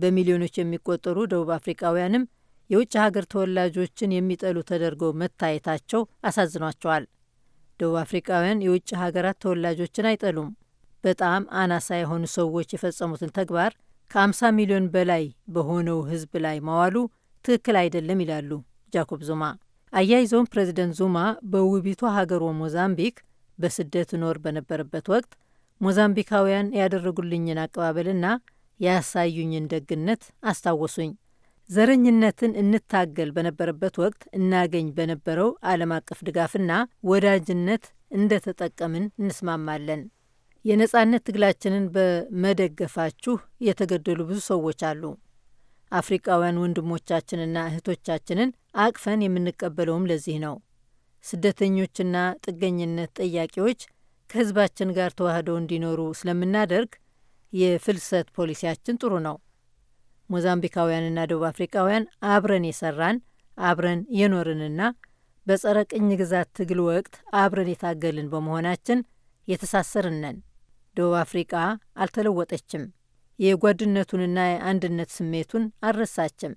በሚሊዮኖች የሚቆጠሩ ደቡብ አፍሪቃውያንም የውጭ ሀገር ተወላጆችን የሚጠሉ ተደርገው መታየታቸው አሳዝኗቸዋል። ደቡብ አፍሪቃውያን የውጭ ሀገራት ተወላጆችን አይጠሉም። በጣም አናሳ የሆኑ ሰዎች የፈጸሙትን ተግባር ከ50 ሚሊዮን በላይ በሆነው ሕዝብ ላይ ማዋሉ ትክክል አይደለም ይላሉ ጃኮብ ዙማ። አያይዘውም ፕሬዚደንት ዙማ በውቢቷ ሀገሯ ሞዛምቢክ በስደት ኖር በነበረበት ወቅት ሞዛምቢካውያን ያደረጉልኝን አቀባበልና ያሳዩኝን ደግነት አስታወሱኝ። ዘረኝነትን እንታገል በነበረበት ወቅት እናገኝ በነበረው ዓለም አቀፍ ድጋፍና ወዳጅነት እንደተጠቀምን እንስማማለን። የነጻነት ትግላችንን በመደገፋችሁ የተገደሉ ብዙ ሰዎች አሉ። አፍሪቃውያን ወንድሞቻችንና እህቶቻችንን አቅፈን የምንቀበለውም ለዚህ ነው። ስደተኞችና ጥገኝነት ጠያቂዎች ከህዝባችን ጋር ተዋህደው እንዲኖሩ ስለምናደርግ የፍልሰት ፖሊሲያችን ጥሩ ነው። ሞዛምቢካውያንና ደቡብ አፍሪካውያን አብረን የሰራን አብረን የኖርንና በጸረ ቅኝ ግዛት ትግል ወቅት አብረን የታገልን በመሆናችን የተሳሰርነን ደቡብ አፍሪቃ አልተለወጠችም። የጓድነቱንና የአንድነት ስሜቱን አልረሳችም።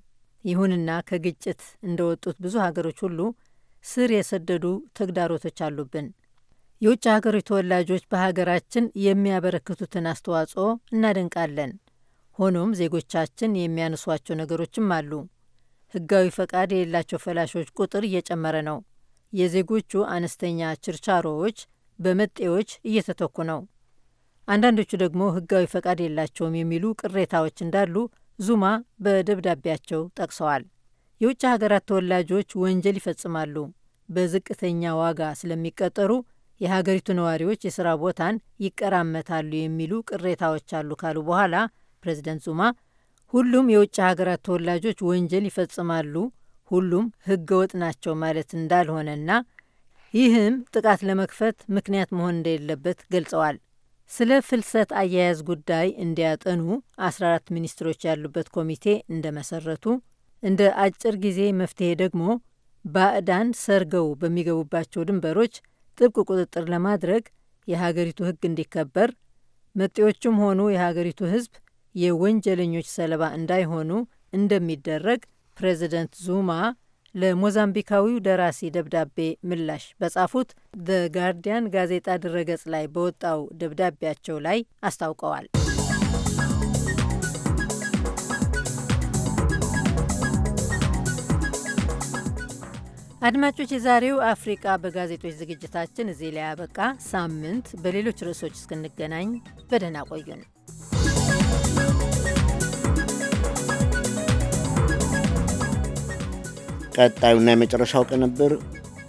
ይሁንና ከግጭት እንደ ወጡት ብዙ ሀገሮች ሁሉ ስር የሰደዱ ተግዳሮቶች አሉብን። የውጭ ሀገሮች ተወላጆች በሀገራችን የሚያበረክቱትን አስተዋጽኦ እናደንቃለን። ሆኖም ዜጎቻችን የሚያነሷቸው ነገሮችም አሉ። ህጋዊ ፈቃድ የሌላቸው ፈላሾች ቁጥር እየጨመረ ነው። የዜጎቹ አነስተኛ ችርቻሮዎች በመጤዎች እየተተኩ ነው። አንዳንዶቹ ደግሞ ህጋዊ ፈቃድ የላቸውም የሚሉ ቅሬታዎች እንዳሉ ዙማ በደብዳቤያቸው ጠቅሰዋል። የውጭ ሀገራት ተወላጆች ወንጀል ይፈጽማሉ፣ በዝቅተኛ ዋጋ ስለሚቀጠሩ የሀገሪቱ ነዋሪዎች የሥራ ቦታን ይቀራመታሉ የሚሉ ቅሬታዎች አሉ ካሉ በኋላ ፕሬዚደንት ዙማ ሁሉም የውጭ ሀገራት ተወላጆች ወንጀል ይፈጽማሉ፣ ሁሉም ህገወጥ ናቸው ማለት እንዳልሆነና ይህም ጥቃት ለመክፈት ምክንያት መሆን እንደሌለበት ገልጸዋል። ስለ ፍልሰት አያያዝ ጉዳይ እንዲያጠኑ 14 ሚኒስትሮች ያሉበት ኮሚቴ እንደመሰረቱ፣ እንደ አጭር ጊዜ መፍትሄ ደግሞ ባዕዳን ሰርገው በሚገቡባቸው ድንበሮች ጥብቅ ቁጥጥር ለማድረግ የሀገሪቱ ህግ እንዲከበር መጤዎቹም ሆኑ የሀገሪቱ ህዝብ የወንጀለኞች ሰለባ እንዳይሆኑ እንደሚደረግ ፕሬዚደንት ዙማ ለሞዛምቢካዊው ደራሲ ደብዳቤ ምላሽ በጻፉት ዘ ጋርዲያን ጋዜጣ ድረገጽ ላይ በወጣው ደብዳቤያቸው ላይ አስታውቀዋል። አድማጮች፣ የዛሬው አፍሪቃ በጋዜጦች ዝግጅታችን እዚህ ላይ ያበቃ። ሳምንት በሌሎች ርዕሶች እስክንገናኝ በደህና ቆዩን። ቀጣዩና የመጨረሻው ቅንብር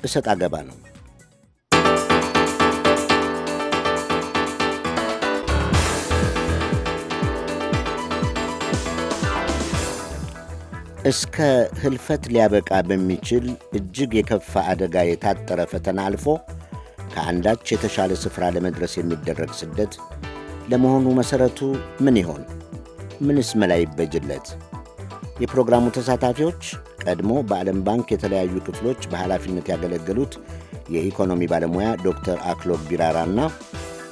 እሰጥ አገባ ነው። እስከ ህልፈት ሊያበቃ በሚችል እጅግ የከፋ አደጋ የታጠረ ፈተና አልፎ ከአንዳች የተሻለ ስፍራ ለመድረስ የሚደረግ ስደት ለመሆኑ መሠረቱ ምን ይሆን? ምንስ መላ ይበጅለት? የፕሮግራሙ ተሳታፊዎች ቀድሞ በዓለም ባንክ የተለያዩ ክፍሎች በኃላፊነት ያገለገሉት የኢኮኖሚ ባለሙያ ዶክተር አክሎግ ቢራራ እና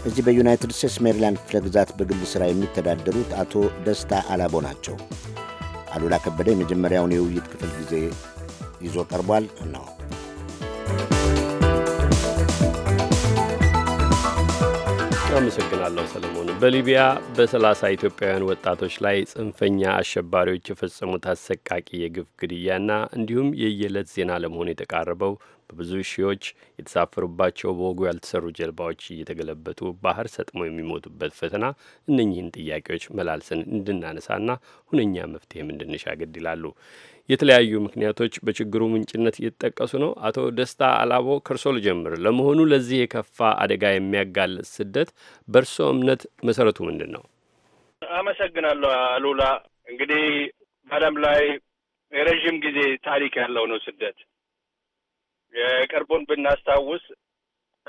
እዚህ በዩናይትድ ስቴትስ ሜሪላንድ ክፍለ ግዛት በግል ሥራ የሚተዳደሩት አቶ ደስታ አላቦ ናቸው። አሉላ ከበደ የመጀመሪያውን የውይይት ክፍል ጊዜ ይዞ ቀርቧል ነው። አመሰግናለሁ ሰለሞን። በሊቢያ በሰላሳ ኢትዮጵያውያን ወጣቶች ላይ ጽንፈኛ አሸባሪዎች የፈጸሙት አሰቃቂ የግፍ ግድያና እንዲሁም የየዕለት ዜና ለመሆን የተቃረበው በብዙ ሺዎች የተሳፈሩባቸው በወጉ ያልተሰሩ ጀልባዎች እየተገለበጡ ባህር ሰጥመው የሚሞቱበት ፈተና እነኚህን ጥያቄዎች መላልሰን እንድናነሳና ሁነኛ መፍትሄም እንድንሻገድ ይላሉ። የተለያዩ ምክንያቶች በችግሩ ምንጭነት እየተጠቀሱ ነው። አቶ ደስታ አላቦ ከርሶ ልጀምር። ለመሆኑ ለዚህ የከፋ አደጋ የሚያጋልጥ ስደት በእርሶ እምነት መሰረቱ ምንድን ነው? አመሰግናለሁ አሉላ። እንግዲህ በዓለም ላይ የረዥም ጊዜ ታሪክ ያለው ነው ስደት። የቅርቡን ብናስታውስ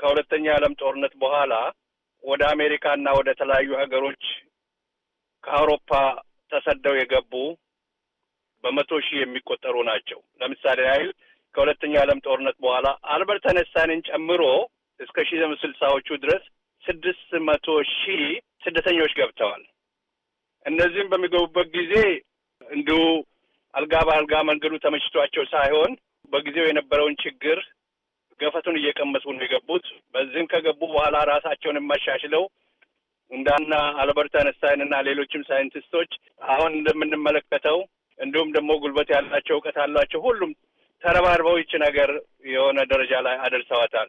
ከሁለተኛ ዓለም ጦርነት በኋላ ወደ አሜሪካ እና ወደ ተለያዩ ሀገሮች ከአውሮፓ ተሰደው የገቡ በመቶ ሺህ የሚቆጠሩ ናቸው። ለምሳሌ ያህል ከሁለተኛ ዓለም ጦርነት በኋላ አልበርት አነስታይንን ጨምሮ እስከ ሺ ስልሳዎቹ ድረስ ስድስት መቶ ሺህ ስደተኞች ገብተዋል። እነዚህም በሚገቡበት ጊዜ እንዲሁ አልጋ በአልጋ መንገዱ ተመችቷቸው ሳይሆን በጊዜው የነበረውን ችግር ገፈቱን እየቀመሱ ነው የገቡት። በዚህም ከገቡ በኋላ ራሳቸውን የማሻሽለው እንዳና አልበርት አነስታይን እና ሌሎችም ሳይንቲስቶች አሁን እንደምንመለከተው እንዲሁም ደግሞ ጉልበት ያላቸው እውቀት አላቸው። ሁሉም ተረባርበው ይች ነገር የሆነ ደረጃ ላይ አደርሰዋታል።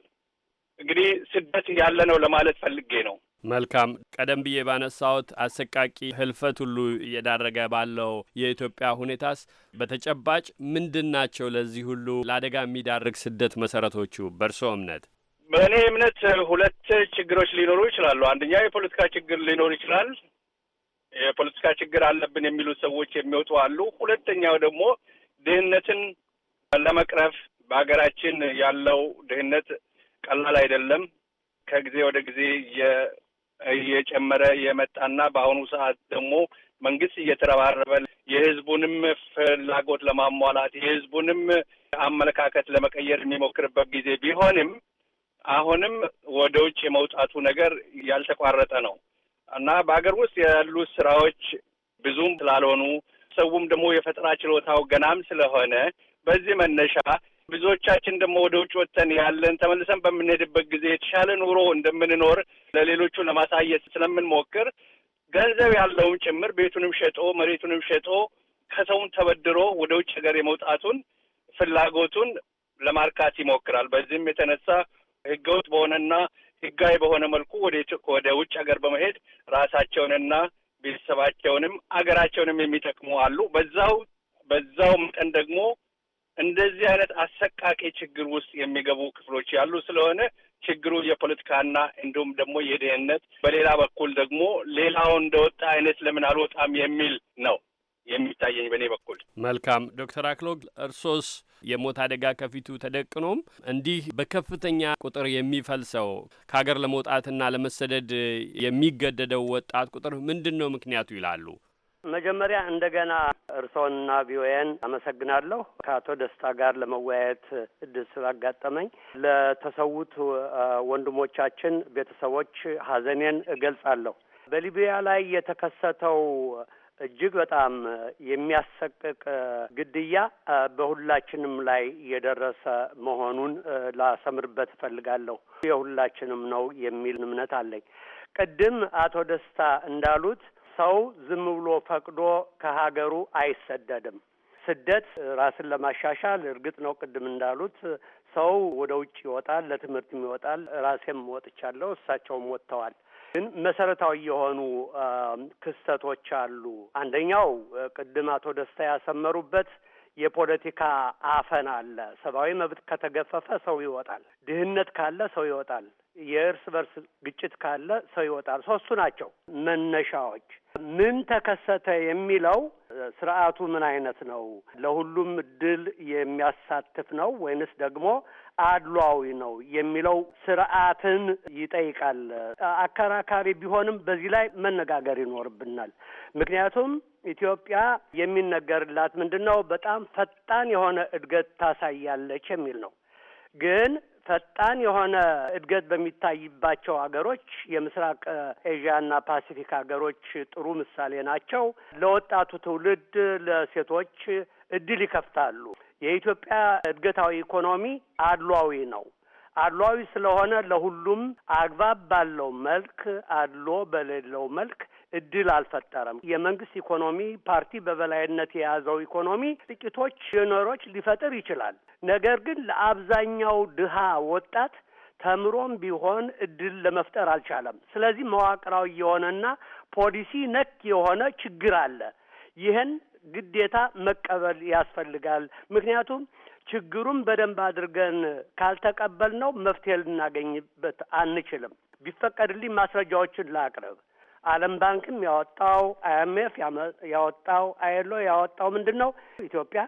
እንግዲህ ስደት ያለ ነው ለማለት ፈልጌ ነው። መልካም ቀደም ብዬ ባነሳሁት አሰቃቂ ህልፈት ሁሉ እየዳረገ ባለው የኢትዮጵያ ሁኔታስ በተጨባጭ ምንድን ናቸው ለዚህ ሁሉ ለአደጋ የሚዳርግ ስደት መሰረቶቹ በእርስዎ እምነት? በእኔ እምነት ሁለት ችግሮች ሊኖሩ ይችላሉ። አንደኛ የፖለቲካ ችግር ሊኖር ይችላል። የፖለቲካ ችግር አለብን የሚሉ ሰዎች የሚወጡ አሉ። ሁለተኛው ደግሞ ድህነትን ለመቅረፍ በሀገራችን ያለው ድህነት ቀላል አይደለም። ከጊዜ ወደ ጊዜ እየጨመረ የመጣና በአሁኑ ሰዓት ደግሞ መንግስት እየተረባረበ የህዝቡንም ፍላጎት ለማሟላት የህዝቡንም አመለካከት ለመቀየር የሚሞክርበት ጊዜ ቢሆንም አሁንም ወደ ውጭ የመውጣቱ ነገር ያልተቋረጠ ነው። እና በሀገር ውስጥ ያሉ ስራዎች ብዙም ስላልሆኑ ሰውም ደግሞ የፈጠራ ችሎታው ገናም ስለሆነ በዚህ መነሻ ብዙዎቻችን ደግሞ ወደ ውጭ ወጥተን ያለን ተመልሰን በምንሄድበት ጊዜ የተሻለ ኑሮ እንደምንኖር ለሌሎቹ ለማሳየት ስለምንሞክር ገንዘብ ያለውም ጭምር ቤቱንም ሸጦ መሬቱንም ሸጦ ከሰውም ተበድሮ ወደ ውጭ ሀገር የመውጣቱን ፍላጎቱን ለማርካት ይሞክራል። በዚህም የተነሳ ህገወጥ በሆነና ህጋዊ በሆነ መልኩ ወደ ውጭ ሀገር በመሄድ ራሳቸውንና ቤተሰባቸውንም አገራቸውንም የሚጠቅሙ አሉ። በዛው በዛው መጠን ደግሞ እንደዚህ አይነት አሰቃቂ ችግር ውስጥ የሚገቡ ክፍሎች ያሉ ስለሆነ ችግሩ የፖለቲካና እንዲሁም ደግሞ የደህንነት በሌላ በኩል ደግሞ ሌላውን እንደወጣ አይነት ለምን አልወጣም የሚል ነው የሚታየኝ በእኔ በኩል። መልካም ዶክተር አክሎግ እርሶስ የሞት አደጋ ከፊቱ ተደቅኖም እንዲህ በከፍተኛ ቁጥር የሚፈልሰው ከሀገር ለመውጣትና ለመሰደድ የሚገደደው ወጣት ቁጥር ምንድን ነው ምክንያቱ ይላሉ። መጀመሪያ እንደገና እርስዎንና ቪኦኤን አመሰግናለሁ። ከአቶ ደስታ ጋር ለመወያየት እድል ስላጋጠመኝ ለተሰዉት ወንድሞቻችን ቤተሰቦች ሀዘኔን እገልጻለሁ። በሊቢያ ላይ የተከሰተው እጅግ በጣም የሚያሰቅቅ ግድያ በሁላችንም ላይ የደረሰ መሆኑን ላሰምርበት እፈልጋለሁ። የሁላችንም ነው የሚል እምነት አለኝ። ቅድም አቶ ደስታ እንዳሉት ሰው ዝም ብሎ ፈቅዶ ከሀገሩ አይሰደድም። ስደት ራስን ለማሻሻል እርግጥ ነው ቅድም እንዳሉት ሰው ወደ ውጭ ይወጣል፣ ለትምህርትም ይወጣል። ራሴም ወጥቻለሁ፣ እሳቸውም ወጥተዋል። ግን መሰረታዊ የሆኑ ክስተቶች አሉ። አንደኛው ቅድም አቶ ደስታ ያሰመሩበት የፖለቲካ አፈን አለ። ሰብአዊ መብት ከተገፈፈ ሰው ይወጣል። ድህነት ካለ ሰው ይወጣል። የእርስ በርስ ግጭት ካለ ሰው ይወጣል። ሶስቱ ናቸው መነሻዎች። ምን ተከሰተ የሚለው ስርዓቱ ምን አይነት ነው? ለሁሉም እድል የሚያሳትፍ ነው ወይንስ ደግሞ አድሏዊ ነው የሚለው ስርዓትን ይጠይቃል። አከራካሪ ቢሆንም በዚህ ላይ መነጋገር ይኖርብናል። ምክንያቱም ኢትዮጵያ የሚነገርላት ምንድን ነው? በጣም ፈጣን የሆነ እድገት ታሳያለች የሚል ነው። ግን ፈጣን የሆነ እድገት በሚታይባቸው ሀገሮች የምስራቅ ኤዥያ እና ፓሲፊክ ሀገሮች ጥሩ ምሳሌ ናቸው። ለወጣቱ ትውልድ ለሴቶች እድል ይከፍታሉ። የኢትዮጵያ እድገታዊ ኢኮኖሚ አድሏዊ ነው። አድሏዊ ስለሆነ ለሁሉም አግባብ ባለው መልክ አድሎ በሌለው መልክ እድል አልፈጠረም። የመንግስት ኢኮኖሚ ፓርቲ በበላይነት የያዘው ኢኮኖሚ ጥቂቶች ጀነሮች ሊፈጥር ይችላል። ነገር ግን ለአብዛኛው ድሃ ወጣት ተምሮም ቢሆን እድል ለመፍጠር አልቻለም። ስለዚህ መዋቅራዊ የሆነና ፖሊሲ ነክ የሆነ ችግር አለ። ይህን ግዴታ መቀበል ያስፈልጋል። ምክንያቱም ችግሩን በደንብ አድርገን ካልተቀበልነው መፍትሄ ልናገኝበት አንችልም። ቢፈቀድልኝ ማስረጃዎችን ላቅርብ። ዓለም ባንክም ያወጣው አይኤምኤፍ ያወጣው አይሎ ያወጣው ምንድን ነው ኢትዮጵያ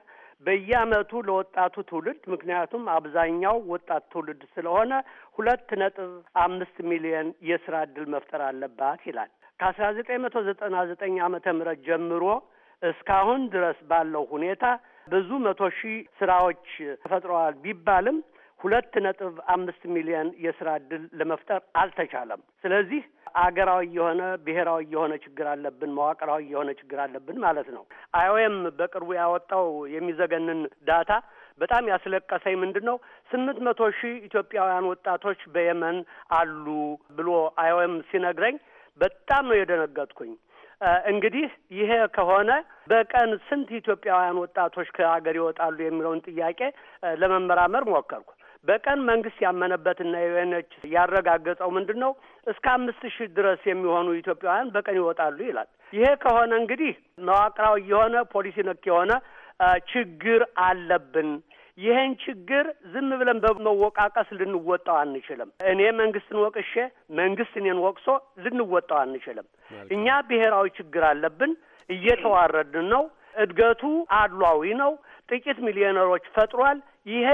በየአመቱ ለወጣቱ ትውልድ ምክንያቱም አብዛኛው ወጣት ትውልድ ስለሆነ ሁለት ነጥብ አምስት ሚሊዮን የስራ እድል መፍጠር አለባት ይላል። ከአስራ ዘጠኝ መቶ ዘጠና ዘጠኝ አመተ ምህረት ጀምሮ እስካሁን ድረስ ባለው ሁኔታ ብዙ መቶ ሺህ ስራዎች ተፈጥረዋል ቢባልም ሁለት ነጥብ አምስት ሚሊዮን የስራ እድል ለመፍጠር አልተቻለም። ስለዚህ አገራዊ የሆነ ብሔራዊ የሆነ ችግር አለብን፣ መዋቅራዊ የሆነ ችግር አለብን ማለት ነው። አይኦኤም በቅርቡ ያወጣው የሚዘገንን ዳታ በጣም ያስለቀሰኝ ምንድን ነው? ስምንት መቶ ሺህ ኢትዮጵያውያን ወጣቶች በየመን አሉ ብሎ አይኦኤም ሲነግረኝ በጣም ነው የደነገጥኩኝ። እንግዲህ ይሄ ከሆነ በቀን ስንት ኢትዮጵያውያን ወጣቶች ከሀገር ይወጣሉ የሚለውን ጥያቄ ለመመራመር ሞከርኩ። በቀን መንግስት ያመነበትና የዩኤንች ያረጋገጠው ምንድን ነው? እስከ አምስት ሺህ ድረስ የሚሆኑ ኢትዮጵያውያን በቀን ይወጣሉ ይላል። ይሄ ከሆነ እንግዲህ መዋቅራዊ የሆነ ፖሊሲ ነክ የሆነ ችግር አለብን ይህን ችግር ዝም ብለን በመወቃቀስ ልንወጣው አንችልም። እኔ መንግስትን ወቅሼ መንግስት እኔን ወቅሶ ልንወጣው አንችልም። እኛ ብሔራዊ ችግር አለብን። እየተዋረድን ነው። እድገቱ አድሏዊ ነው። ጥቂት ሚሊዮነሮች ፈጥሯል። ይሄ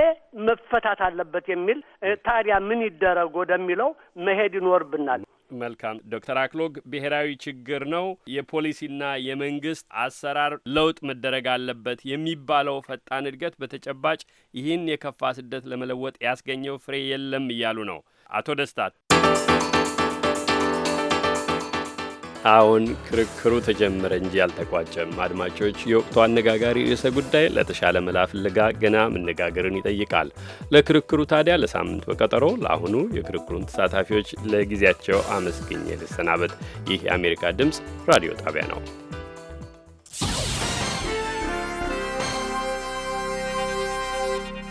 መፈታት አለበት የሚል ታዲያ ምን ይደረግ ወደሚለው መሄድ ይኖርብናል። መልካም ዶክተር አክሎግ ብሔራዊ ችግር ነው፣ የፖሊሲና የመንግስት አሰራር ለውጥ መደረግ አለበት የሚባለው ፈጣን እድገት በተጨባጭ ይህን የከፋ ስደት ለመለወጥ ያስገኘው ፍሬ የለም እያሉ ነው አቶ ደስታት። አሁን ክርክሩ ተጀመረ እንጂ አልተቋጨም። አድማጮች፣ የወቅቱ አነጋጋሪ ርዕሰ ጉዳይ ለተሻለ መላ ፍለጋ ገና መነጋገርን ይጠይቃል። ለክርክሩ ታዲያ ለሳምንት በቀጠሮ ለአሁኑ የክርክሩን ተሳታፊዎች ለጊዜያቸው አመስግኝ ልሰናበት። ይህ የአሜሪካ ድምፅ ራዲዮ ጣቢያ ነው።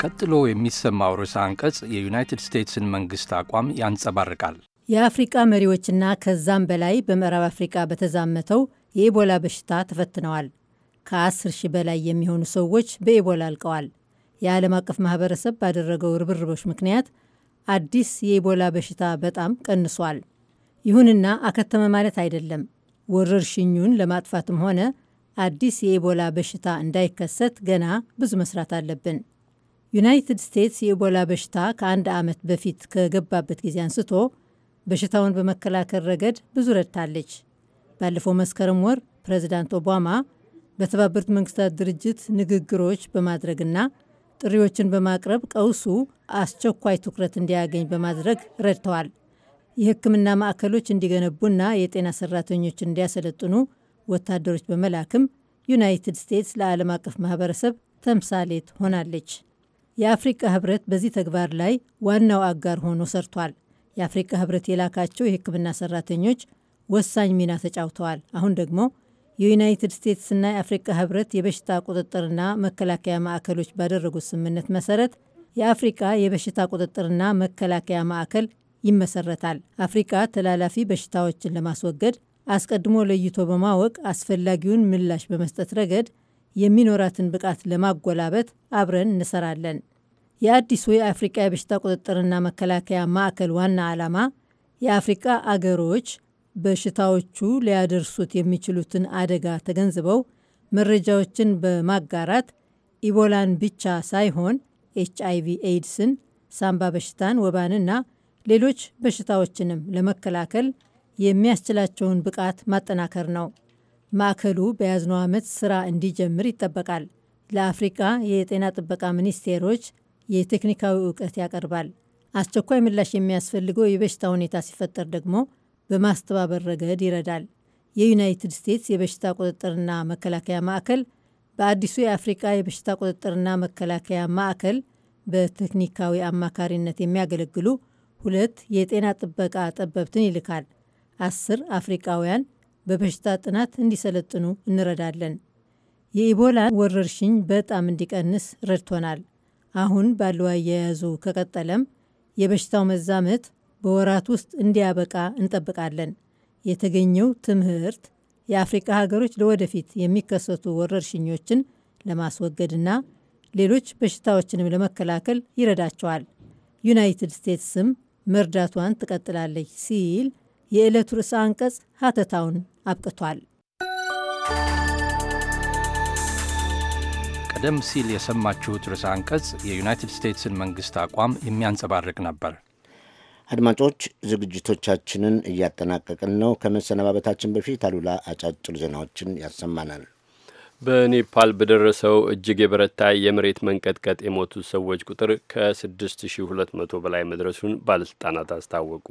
ቀጥሎ የሚሰማው ርዕሰ አንቀጽ የዩናይትድ ስቴትስን መንግሥት አቋም ያንጸባርቃል። የአፍሪቃ መሪዎችና ከዛም በላይ በምዕራብ አፍሪቃ በተዛመተው የኢቦላ በሽታ ተፈትነዋል። ከ10 ሺህ በላይ የሚሆኑ ሰዎች በኢቦላ አልቀዋል። የዓለም አቀፍ ማህበረሰብ ባደረገው ርብርቦች ምክንያት አዲስ የኢቦላ በሽታ በጣም ቀንሷል። ይሁንና አከተመ ማለት አይደለም። ወረርሽኙን ለማጥፋትም ሆነ አዲስ የኢቦላ በሽታ እንዳይከሰት ገና ብዙ መስራት አለብን። ዩናይትድ ስቴትስ የኢቦላ በሽታ ከአንድ ዓመት በፊት ከገባበት ጊዜ አንስቶ በሽታውን በመከላከል ረገድ ብዙ ረድታለች። ባለፈው መስከረም ወር ፕሬዚዳንት ኦባማ በተባበሩት መንግስታት ድርጅት ንግግሮች በማድረግና ጥሪዎችን በማቅረብ ቀውሱ አስቸኳይ ትኩረት እንዲያገኝ በማድረግ ረድተዋል። የሕክምና ማዕከሎች እንዲገነቡና የጤና ሰራተኞች እንዲያሰለጥኑ ወታደሮች በመላክም ዩናይትድ ስቴትስ ለዓለም አቀፍ ማህበረሰብ ተምሳሌት ሆናለች። የአፍሪቃ ህብረት በዚህ ተግባር ላይ ዋናው አጋር ሆኖ ሰርቷል። የአፍሪካ ህብረት የላካቸው የህክምና ሰራተኞች ወሳኝ ሚና ተጫውተዋል። አሁን ደግሞ የዩናይትድ ስቴትስና የአፍሪካ ህብረት የበሽታ ቁጥጥርና መከላከያ ማዕከሎች ባደረጉት ስምምነት መሰረት የአፍሪካ የበሽታ ቁጥጥርና መከላከያ ማዕከል ይመሰረታል። አፍሪካ ተላላፊ በሽታዎችን ለማስወገድ አስቀድሞ ለይቶ በማወቅ አስፈላጊውን ምላሽ በመስጠት ረገድ የሚኖራትን ብቃት ለማጎላበት አብረን እንሰራለን። የአዲሱ የአፍሪቃ የበሽታ ቁጥጥርና መከላከያ ማዕከል ዋና ዓላማ የአፍሪቃ አገሮች በሽታዎቹ ሊያደርሱት የሚችሉትን አደጋ ተገንዝበው መረጃዎችን በማጋራት ኢቦላን ብቻ ሳይሆን ኤች ቪ ኤድስን፣ ሳምባ በሽታን፣ ወባንና ሌሎች በሽታዎችንም ለመከላከል የሚያስችላቸውን ብቃት ማጠናከር ነው። ማዕከሉ በያዝነው ዓመት ስራ እንዲጀምር ይጠበቃል። ለአፍሪቃ የጤና ጥበቃ ሚኒስቴሮች የቴክኒካዊ እውቀት ያቀርባል። አስቸኳይ ምላሽ የሚያስፈልገው የበሽታ ሁኔታ ሲፈጠር ደግሞ በማስተባበር ረገድ ይረዳል። የዩናይትድ ስቴትስ የበሽታ ቁጥጥርና መከላከያ ማዕከል በአዲሱ የአፍሪቃ የበሽታ ቁጥጥርና መከላከያ ማዕከል በቴክኒካዊ አማካሪነት የሚያገለግሉ ሁለት የጤና ጥበቃ ጠበብትን ይልካል። አስር አፍሪቃውያን በበሽታ ጥናት እንዲሰለጥኑ እንረዳለን። የኢቦላ ወረርሽኝ በጣም እንዲቀንስ ረድቶናል። አሁን ባለው አያያዙ ከቀጠለም የበሽታው መዛመት በወራት ውስጥ እንዲያበቃ እንጠብቃለን። የተገኘው ትምህርት የአፍሪቃ ሀገሮች ለወደፊት የሚከሰቱ ወረርሽኞችን ለማስወገድና ሌሎች በሽታዎችንም ለመከላከል ይረዳቸዋል። ዩናይትድ ስቴትስም መርዳቷን ትቀጥላለች ሲል የዕለቱ ርዕሰ አንቀጽ ሀተታውን አብቅቷል። ቀደም ሲል የሰማችሁት ርዕሰ አንቀጽ የዩናይትድ ስቴትስን መንግሥት አቋም የሚያንጸባርቅ ነበር። አድማጮች ዝግጅቶቻችንን እያጠናቀቅን ነው። ከመሰነባበታችን በፊት አሉላ አጫጭር ዜናዎችን ያሰማናል። በኔፓል በደረሰው እጅግ የበረታ የመሬት መንቀጥቀጥ የሞቱ ሰዎች ቁጥር ከ6200 በላይ መድረሱን ባለስልጣናት አስታወቁ።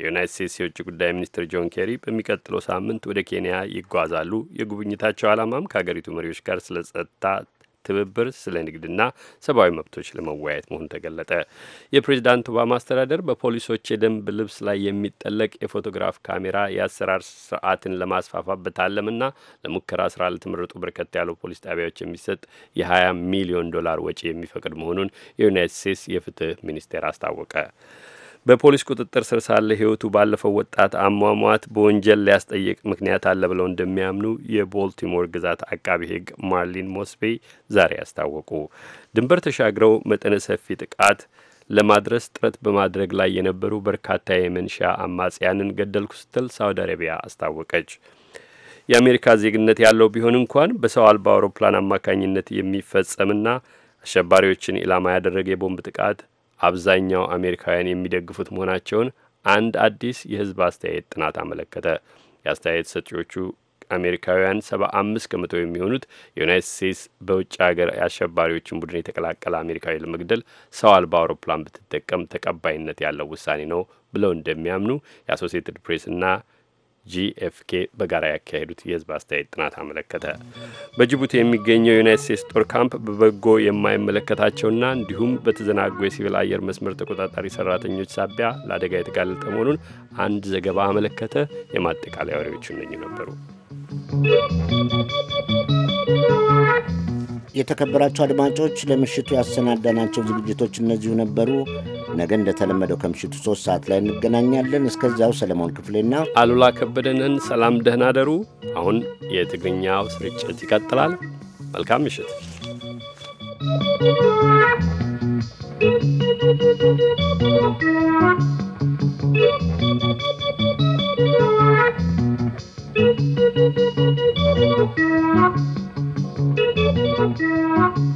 የዩናይት ስቴትስ የውጭ ጉዳይ ሚኒስትር ጆን ኬሪ በሚቀጥለው ሳምንት ወደ ኬንያ ይጓዛሉ። የጉብኝታቸው ዓላማም ከሀገሪቱ መሪዎች ጋር ስለ ጸጥታ ትብብር ስለ ንግድና ሰብአዊ መብቶች ለመወያየት መሆኑ ተገለጠ። የፕሬዚዳንት ኦባማ አስተዳደር በፖሊሶች የደንብ ልብስ ላይ የሚጠለቅ የፎቶግራፍ ካሜራ የአሰራር ስርዓትን ለማስፋፋት በታለምና ለሙከራ ስራ ለተመረጡ በርከት ያሉ ፖሊስ ጣቢያዎች የሚሰጥ የ20 ሚሊዮን ዶላር ወጪ የሚፈቅድ መሆኑን የዩናይትድ ስቴትስ የፍትህ ሚኒስቴር አስታወቀ። በፖሊስ ቁጥጥር ስር ሳለ ህይወቱ ባለፈው ወጣት አሟሟት በወንጀል ሊያስጠይቅ ምክንያት አለ ብለው እንደሚያምኑ የቦልቲሞር ግዛት አቃቢ ህግ ማርሊን ሞስቤይ ዛሬ አስታወቁ። ድንበር ተሻግረው መጠነ ሰፊ ጥቃት ለማድረስ ጥረት በማድረግ ላይ የነበሩ በርካታ የመንሻ አማጽያንን ገደልኩ ስትል ሳውዲ አረቢያ አስታወቀች። የአሜሪካ ዜግነት ያለው ቢሆን እንኳን በሰው አልባ አውሮፕላን አማካኝነት የሚፈጸምና አሸባሪዎችን ኢላማ ያደረገ የቦምብ ጥቃት አብዛኛው አሜሪካውያን የሚደግፉት መሆናቸውን አንድ አዲስ የህዝብ አስተያየት ጥናት አመለከተ። የአስተያየት ሰጪዎቹ አሜሪካውያን ሰባ አምስት ከመቶ የሚሆኑት የዩናይትድ ስቴትስ በውጭ ሀገር የአሸባሪዎችን ቡድን የተቀላቀለ አሜሪካዊ ለመግደል ሰው አልባ አውሮፕላን ብትጠቀም ተቀባይነት ያለው ውሳኔ ነው ብለው እንደሚያምኑ የአሶሲኤትድ ፕሬስና ጂኤፍኬ በጋራ ያካሄዱት የህዝብ አስተያየት ጥናት አመለከተ። በጅቡቲ የሚገኘው ዩናይት ስቴትስ ጦር ካምፕ በበጎ የማይመለከታቸውና እንዲሁም በተዘናጉ የሲቪል አየር መስመር ተቆጣጣሪ ሰራተኞች ሳቢያ ለአደጋ የተጋለጠ መሆኑን አንድ ዘገባ አመለከተ። የማጠቃለያ ወሬዎቹ እነኝ ነበሩ። የተከበራቸው አድማጮች ለምሽቱ ያሰናዳናቸው ዝግጅቶች እነዚሁ ነበሩ። ነገ እንደተለመደው ከምሽቱ ሶስት ሰዓት ላይ እንገናኛለን። እስከዚያው ሰለሞን ክፍሌና አሉላ ከበደንን ሰላም፣ ደህና ደሩ። አሁን የትግርኛው ስርጭት ይቀጥላል። መልካም ምሽት። Thank you.